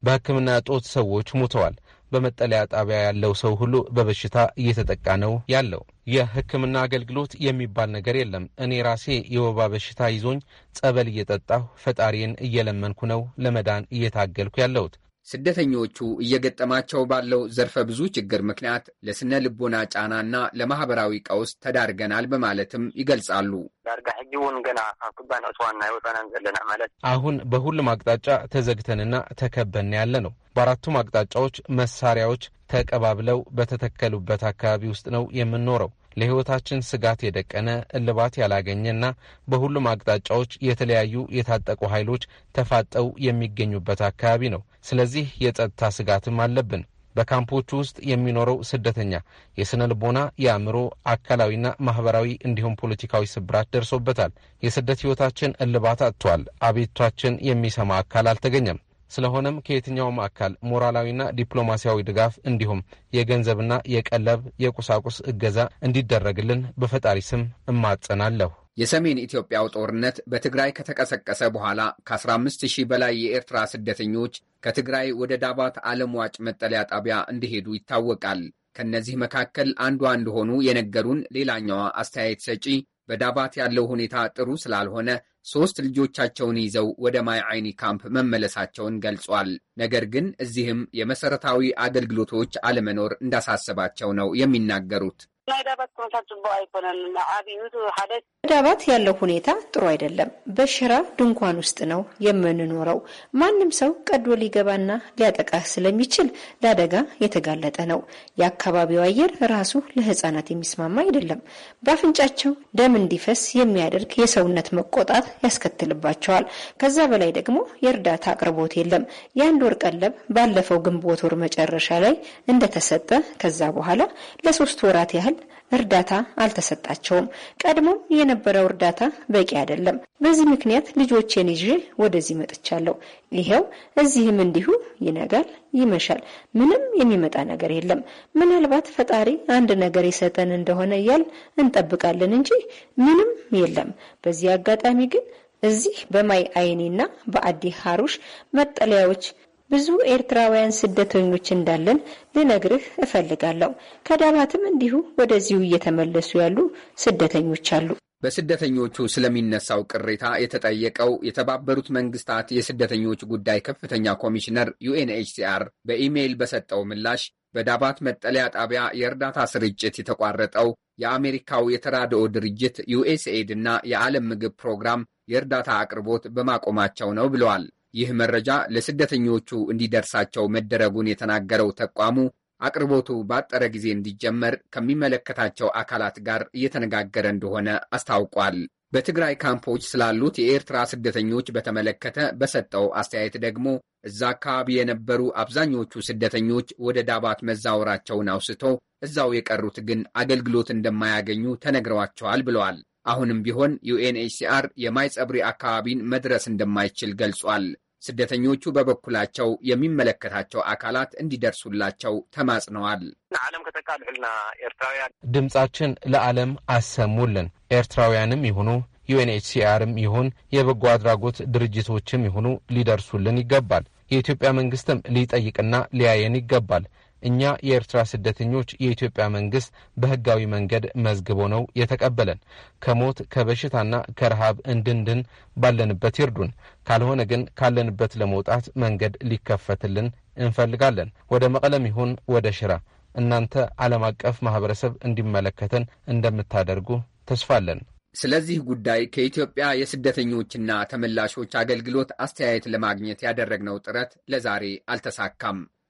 በሕክምና እጦት ሰዎች ሞተዋል። በመጠለያ ጣቢያ ያለው ሰው ሁሉ በበሽታ እየተጠቃ ነው ያለው። የሕክምና አገልግሎት የሚባል ነገር የለም። እኔ ራሴ የወባ በሽታ ይዞኝ ጸበል እየጠጣሁ ፈጣሪን እየለመንኩ ነው ለመዳን እየታገልኩ ያለሁት። ስደተኞቹ እየገጠማቸው ባለው ዘርፈ ብዙ ችግር ምክንያት ለስነ ልቦና ጫናና ለማህበራዊ ቀውስ ተዳርገናል በማለትም ይገልጻሉ። ዳርጋ ሕጂ እውን ገና ክባን እፅዋና ዘለና ማለት አሁን በሁሉም አቅጣጫ ተዘግተንና ተከበን ያለ ነው። በአራቱም አቅጣጫዎች መሳሪያዎች ተቀባብለው በተተከሉበት አካባቢ ውስጥ ነው የምንኖረው። ለሕይወታችን ስጋት የደቀነ እልባት ያላገኘና በሁሉም አቅጣጫዎች የተለያዩ የታጠቁ ኃይሎች ተፋጠው የሚገኙበት አካባቢ ነው። ስለዚህ የጸጥታ ስጋትም አለብን። በካምፖቹ ውስጥ የሚኖረው ስደተኛ የሥነ ልቦና፣ የአእምሮ፣ አካላዊና ማኅበራዊ እንዲሁም ፖለቲካዊ ስብራት ደርሶበታል። የስደት ሕይወታችን እልባት አጥቷል። አቤቱታችን የሚሰማ አካል አልተገኘም። ስለሆነም ከየትኛውም አካል ሞራላዊና ዲፕሎማሲያዊ ድጋፍ እንዲሁም የገንዘብና የቀለብ የቁሳቁስ እገዛ እንዲደረግልን በፈጣሪ ስም እማጸናለሁ። የሰሜን ኢትዮጵያው ጦርነት በትግራይ ከተቀሰቀሰ በኋላ ከ15 ሺህ በላይ የኤርትራ ስደተኞች ከትግራይ ወደ ዳባት ዓለም ዋጭ መጠለያ ጣቢያ እንዲሄዱ ይታወቃል። ከእነዚህ መካከል አንዷ እንደሆኑ የነገሩን ሌላኛዋ አስተያየት ሰጪ በዳባት ያለው ሁኔታ ጥሩ ስላልሆነ ሶስት ልጆቻቸውን ይዘው ወደ ማይ አይኒ ካምፕ መመለሳቸውን ገልጿል። ነገር ግን እዚህም የመሰረታዊ አገልግሎቶች አለመኖር እንዳሳሰባቸው ነው የሚናገሩት። ዳባት ያለው ሁኔታ ጥሩ አይደለም። በሽራ ድንኳን ውስጥ ነው የምንኖረው። ማንም ሰው ቀዶ ሊገባና ሊያጠቃ ስለሚችል ለአደጋ የተጋለጠ ነው። የአካባቢው አየር ራሱ ለሕጻናት የሚስማማ አይደለም። በአፍንጫቸው ደም እንዲፈስ የሚያደርግ የሰውነት መቆጣት ያስከትልባቸዋል። ከዛ በላይ ደግሞ የእርዳታ አቅርቦት የለም። የአንድ ወር ቀለብ ባለፈው ግንቦት ወር መጨረሻ ላይ እንደተሰጠ ከዛ በኋላ ለሶስት ወራት ያህል እርዳታ አልተሰጣቸውም። ቀድሞም የነበረው እርዳታ በቂ አይደለም። በዚህ ምክንያት ልጆቼን ይዤ ወደዚህ መጥቻለሁ። ይኸው እዚህም እንዲሁ ይነጋል፣ ይመሻል፣ ምንም የሚመጣ ነገር የለም። ምናልባት ፈጣሪ አንድ ነገር ይሰጠን እንደሆነ እያል እንጠብቃለን እንጂ ምንም የለም። በዚህ አጋጣሚ ግን እዚህ በማይ አይኔና በአዲ ሀሩሽ መጠለያዎች ብዙ ኤርትራውያን ስደተኞች እንዳለን ልነግርህ እፈልጋለሁ። ከዳባትም እንዲሁ ወደዚሁ እየተመለሱ ያሉ ስደተኞች አሉ። በስደተኞቹ ስለሚነሳው ቅሬታ የተጠየቀው የተባበሩት መንግስታት የስደተኞች ጉዳይ ከፍተኛ ኮሚሽነር ዩኤንኤችሲአር በኢሜይል በሰጠው ምላሽ በዳባት መጠለያ ጣቢያ የእርዳታ ስርጭት የተቋረጠው የአሜሪካው የተራድኦ ድርጅት ዩኤስኤድ እና የዓለም ምግብ ፕሮግራም የእርዳታ አቅርቦት በማቆማቸው ነው ብለዋል። ይህ መረጃ ለስደተኞቹ እንዲደርሳቸው መደረጉን የተናገረው ተቋሙ አቅርቦቱ ባጠረ ጊዜ እንዲጀመር ከሚመለከታቸው አካላት ጋር እየተነጋገረ እንደሆነ አስታውቋል። በትግራይ ካምፖች ስላሉት የኤርትራ ስደተኞች በተመለከተ በሰጠው አስተያየት ደግሞ እዛ አካባቢ የነበሩ አብዛኞቹ ስደተኞች ወደ ዳባት መዛወራቸውን አውስቶ እዛው የቀሩት ግን አገልግሎት እንደማያገኙ ተነግረዋቸዋል ብለዋል። አሁንም ቢሆን ዩኤንኤችሲአር የማይጸብሪ አካባቢን መድረስ እንደማይችል ገልጿል። ስደተኞቹ በበኩላቸው የሚመለከታቸው አካላት እንዲደርሱላቸው ተማጽነዋል። ንዓለም ከተቃል ኤርትራውያን ድምጻችን ለዓለም አሰሙልን። ኤርትራውያንም ይሁኑ ዩኤንኤችሲአርም ይሁን የበጎ አድራጎት ድርጅቶችም ይሁኑ ሊደርሱልን ይገባል። የኢትዮጵያ መንግስትም ሊጠይቅና ሊያየን ይገባል። እኛ የኤርትራ ስደተኞች የኢትዮጵያ መንግስት በህጋዊ መንገድ መዝግቦ ነው የተቀበለን። ከሞት ከበሽታና ከረሃብ እንድንድን ባለንበት ይርዱን። ካልሆነ ግን ካለንበት ለመውጣት መንገድ ሊከፈትልን እንፈልጋለን። ወደ መቀለም ይሁን ወደ ሽራ እናንተ ዓለም አቀፍ ማህበረሰብ እንዲመለከተን እንደምታደርጉ ተስፋለን። ስለዚህ ጉዳይ ከኢትዮጵያ የስደተኞችና ተመላሾች አገልግሎት አስተያየት ለማግኘት ያደረግነው ጥረት ለዛሬ አልተሳካም።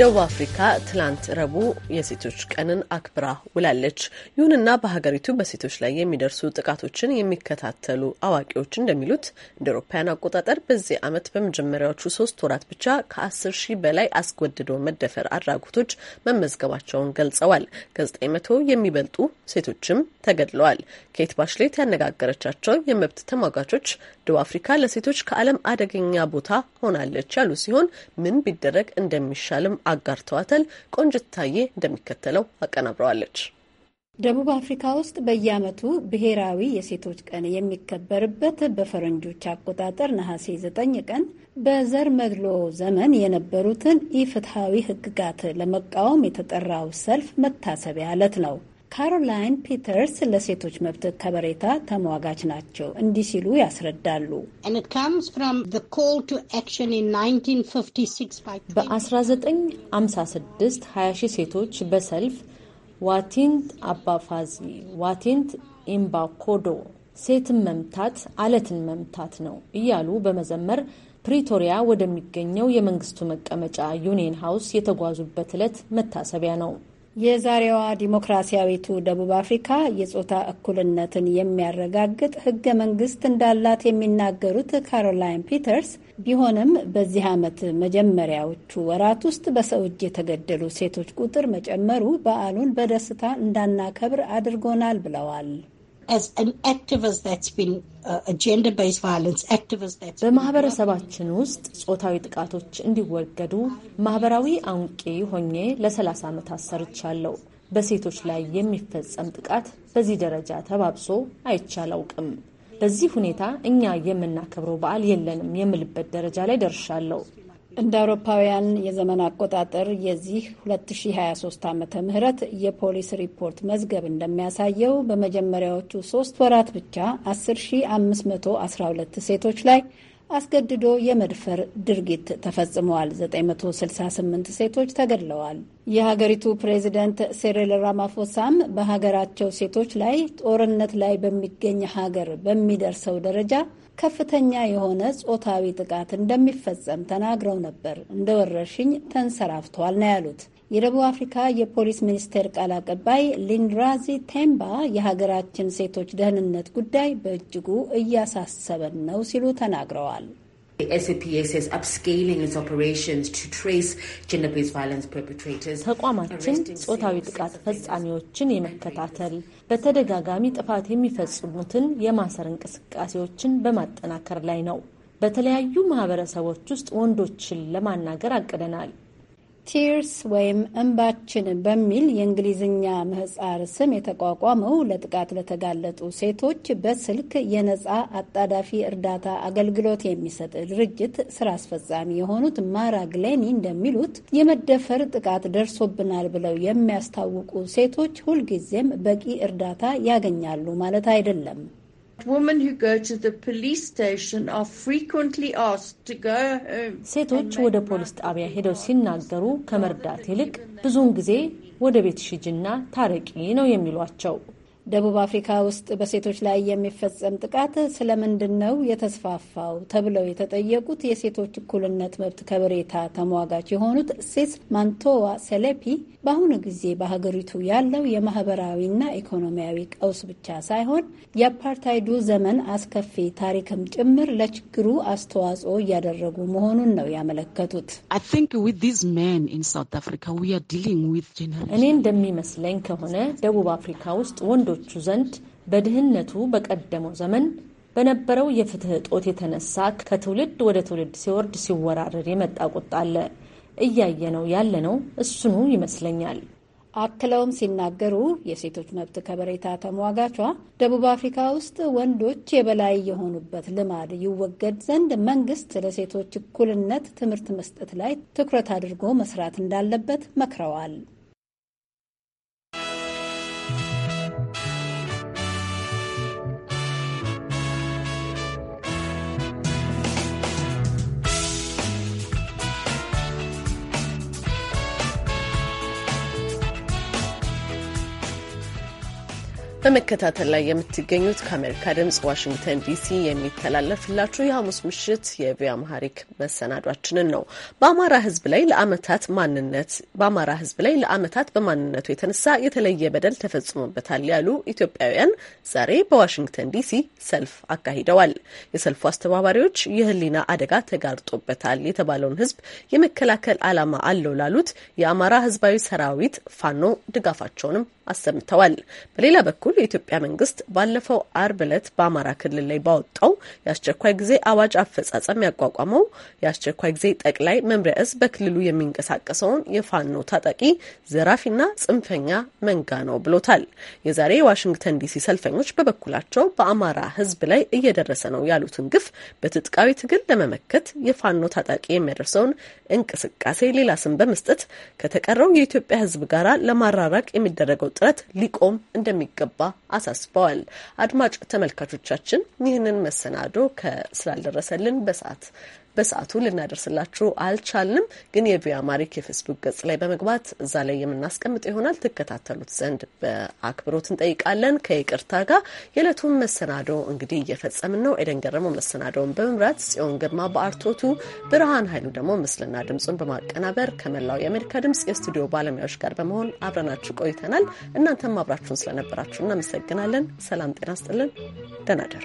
ደቡብ አፍሪካ ትላንት ረቡዕ የሴቶች ቀንን አክብራ ውላለች። ይሁንና በሀገሪቱ በሴቶች ላይ የሚደርሱ ጥቃቶችን የሚከታተሉ አዋቂዎች እንደሚሉት እንደ አውሮፓውያን አቆጣጠር በዚህ ዓመት በመጀመሪያዎቹ ሶስት ወራት ብቻ ከአስር ሺህ በላይ አስገድዶ መደፈር አድራጎቶች መመዝገባቸውን ገልጸዋል። ከዘጠኝ መቶ የሚበልጡ ሴቶችም ተገድለዋል። ኬት ባሽሌት ያነጋገረቻቸው የመብት ተሟጋቾች ደቡብ አፍሪካ ለሴቶች ከዓለም አደገኛ ቦታ ሆናለች ያሉ ሲሆን ምን ቢደረግ እንደሚሻልም አጋርተዋታል። ቆንጅታዬ እንደሚከተለው አቀናብረዋለች። ደቡብ አፍሪካ ውስጥ በየዓመቱ ብሔራዊ የሴቶች ቀን የሚከበርበት በፈረንጆች አቆጣጠር ነሐሴ 9 ቀን በዘር መድሎ ዘመን የነበሩትን ኢፍትሐዊ ሕግጋት ለመቃወም የተጠራው ሰልፍ መታሰቢያ ዕለት ነው። ካሮላይን ፒተርስ ለሴቶች መብት ከበሬታ ተሟጋች ናቸው። እንዲህ ሲሉ ያስረዳሉ። በ1956 20 ሺህ ሴቶች በሰልፍ ዋቲንት አባፋዚ ዋቲንት ኢምባኮዶ ሴትን መምታት አለትን መምታት ነው እያሉ በመዘመር ፕሪቶሪያ ወደሚገኘው የመንግስቱ መቀመጫ ዩኒየን ሃውስ የተጓዙበት ዕለት መታሰቢያ ነው። የዛሬዋ ዲሞክራሲያዊቱ ደቡብ አፍሪካ የጾታ እኩልነትን የሚያረጋግጥ ህገ መንግስት እንዳላት የሚናገሩት ካሮላይን ፒተርስ፣ ቢሆንም በዚህ ዓመት መጀመሪያዎቹ ወራት ውስጥ በሰው እጅ የተገደሉ ሴቶች ቁጥር መጨመሩ በዓሉን በደስታ እንዳናከብር አድርጎናል ብለዋል። Uh, በማህበረሰባችን ውስጥ ጾታዊ ጥቃቶች እንዲወገዱ ማህበራዊ አንቂ ሆኜ ለ30 ዓመታት ሰርቻለሁ። በሴቶች ላይ የሚፈጸም ጥቃት በዚህ ደረጃ ተባብሶ አይቼ አላውቅም። በዚህ ሁኔታ እኛ የምናከብረው በዓል የለንም የምልበት ደረጃ ላይ ደርሻለሁ። እንደ አውሮፓውያን የዘመን አቆጣጠር የዚህ 2023 ዓመተ ምህረት የፖሊስ ሪፖርት መዝገብ እንደሚያሳየው በመጀመሪያዎቹ ሶስት ወራት ብቻ 10512 ሴቶች ላይ አስገድዶ የመድፈር ድርጊት ተፈጽመዋል። 968 ሴቶች ተገድለዋል። የሀገሪቱ ፕሬዚደንት ሴሪል ራማፎሳም በሀገራቸው ሴቶች ላይ ጦርነት ላይ በሚገኝ ሀገር በሚደርሰው ደረጃ ከፍተኛ የሆነ ጾታዊ ጥቃት እንደሚፈጸም ተናግረው ነበር። እንደ ወረርሽኝ ተንሰራፍተዋል ነው ያሉት። የደቡብ አፍሪካ የፖሊስ ሚኒስቴር ቃል አቀባይ ሊንድራዚ ቴምባ የሀገራችን ሴቶች ደህንነት ጉዳይ በእጅጉ እያሳሰበን ነው ሲሉ ተናግረዋል። ተቋማችን ጾታዊ ጥቃት ፈጻሚዎችን የመከታተል በተደጋጋሚ ጥፋት የሚፈጽሙትን የማሰር እንቅስቃሴዎችን በማጠናከር ላይ ነው። በተለያዩ ማህበረሰቦች ውስጥ ወንዶችን ለማናገር አቅደናል። ቲርስ ወይም እንባችን በሚል የእንግሊዝኛ ምህጻር ስም የተቋቋመው ለጥቃት ለተጋለጡ ሴቶች በስልክ የነጻ አጣዳፊ እርዳታ አገልግሎት የሚሰጥ ድርጅት ስራ አስፈጻሚ የሆኑት ማራ ግሌኒ እንደሚሉት የመደፈር ጥቃት ደርሶብናል ብለው የሚያስታውቁ ሴቶች ሁልጊዜም በቂ እርዳታ ያገኛሉ ማለት አይደለም። ሴቶች ወደ ፖሊስ ጣቢያ ሄደው ሲናገሩ ከመርዳት ይልቅ ብዙውን ጊዜ ወደ ቤት ሽጅና ታረቂ ነው የሚሏቸው። ደቡብ አፍሪካ ውስጥ በሴቶች ላይ የሚፈጸም ጥቃት ስለምንድን ነው የተስፋፋው ተብለው የተጠየቁት የሴቶች እኩልነት መብት ከበሬታ ተሟጋች የሆኑት ሴስ ማንቶዋ ሴሌፒ በአሁኑ ጊዜ በሀገሪቱ ያለው የማህበራዊና ኢኮኖሚያዊ ቀውስ ብቻ ሳይሆን የአፓርታይዱ ዘመን አስከፊ ታሪክም ጭምር ለችግሩ አስተዋጽኦ እያደረጉ መሆኑን ነው ያመለከቱት። እኔ እንደሚመስለኝ ከሆነ ደቡብ አፍሪካ ውስጥ ወንዶ በብዙዎቹ ዘንድ በድህነቱ በቀደመው ዘመን በነበረው የፍትህ እጦት የተነሳ ከትውልድ ወደ ትውልድ ሲወርድ ሲወራረድ የመጣ ቁጣ አለ። እያየነው ያለነው እሱኑ ይመስለኛል። አክለውም ሲናገሩ የሴቶች መብት ከበሬታ ተሟጋቿ ደቡብ አፍሪካ ውስጥ ወንዶች የበላይ የሆኑበት ልማድ ይወገድ ዘንድ መንግስት ለሴቶች እኩልነት ትምህርት መስጠት ላይ ትኩረት አድርጎ መስራት እንዳለበት መክረዋል። በመከታተል ላይ የምትገኙት ከአሜሪካ ድምጽ ዋሽንግተን ዲሲ የሚተላለፍላችሁ የሐሙስ ምሽት የቪኦኤ አማሪክ መሰናዷችንን ነው። በአማራ ሕዝብ ላይ ለአመታት ማንነት በአማራ ሕዝብ ላይ ለአመታት በማንነቱ የተነሳ የተለየ በደል ተፈጽሞበታል ያሉ ኢትዮጵያውያን ዛሬ በዋሽንግተን ዲሲ ሰልፍ አካሂደዋል። የሰልፉ አስተባባሪዎች የህሊና አደጋ ተጋርጦበታል የተባለውን ሕዝብ የመከላከል አላማ አለው ላሉት የአማራ ሕዝባዊ ሰራዊት ፋኖ ድጋፋቸውንም አሰምተዋል። በሌላ በኩል የኢትዮጵያ መንግስት ባለፈው አርብ ዕለት በአማራ ክልል ላይ ባወጣው የአስቸኳይ ጊዜ አዋጅ አፈጻጸም ያቋቋመው የአስቸኳይ ጊዜ ጠቅላይ መምሪያ እዝ በክልሉ የሚንቀሳቀሰውን የፋኖ ታጣቂ ዘራፊና ጽንፈኛ መንጋ ነው ብሎታል። የዛሬ የዋሽንግተን ዲሲ ሰልፈኞች በበኩላቸው በአማራ ህዝብ ላይ እየደረሰ ነው ያሉትን ግፍ በትጥቃዊ ትግል ለመመከት የፋኖ ታጣቂ የሚያደርሰውን እንቅስቃሴ ሌላ ስም በመስጠት ከተቀረው የኢትዮጵያ ሕዝብ ጋር ለማራራቅ የሚደረገው ጥረት ሊቆም እንደሚገባ አሳስበዋል። አድማጭ ተመልካቾቻችን ይህንን መሰናዶ ስላልደረሰልን በሰዓት በሰዓቱ ልናደርስላችሁ አልቻልንም፣ ግን የቪ አማሪክ የፌስቡክ ገጽ ላይ በመግባት እዛ ላይ የምናስቀምጠው ይሆናል። ትከታተሉት ዘንድ በአክብሮት እንጠይቃለን። ከይቅርታ ጋር የዕለቱን መሰናዶ እንግዲህ እየፈጸምን ነው። ኤደን ገረመው መሰናዶውን በመምራት ጽዮን ግርማ በአርቶቱ፣ ብርሃን ኃይሉ ደግሞ ምስልና ድምፁን በማቀናበር ከመላው የአሜሪካ ድምፅ የስቱዲዮ ባለሙያዎች ጋር በመሆን አብረናችሁ ቆይተናል። እናንተም አብራችሁን ስለነበራችሁ እናመሰግናለን። ሰላም ጤና ስጥልን። ደህና ደሩ።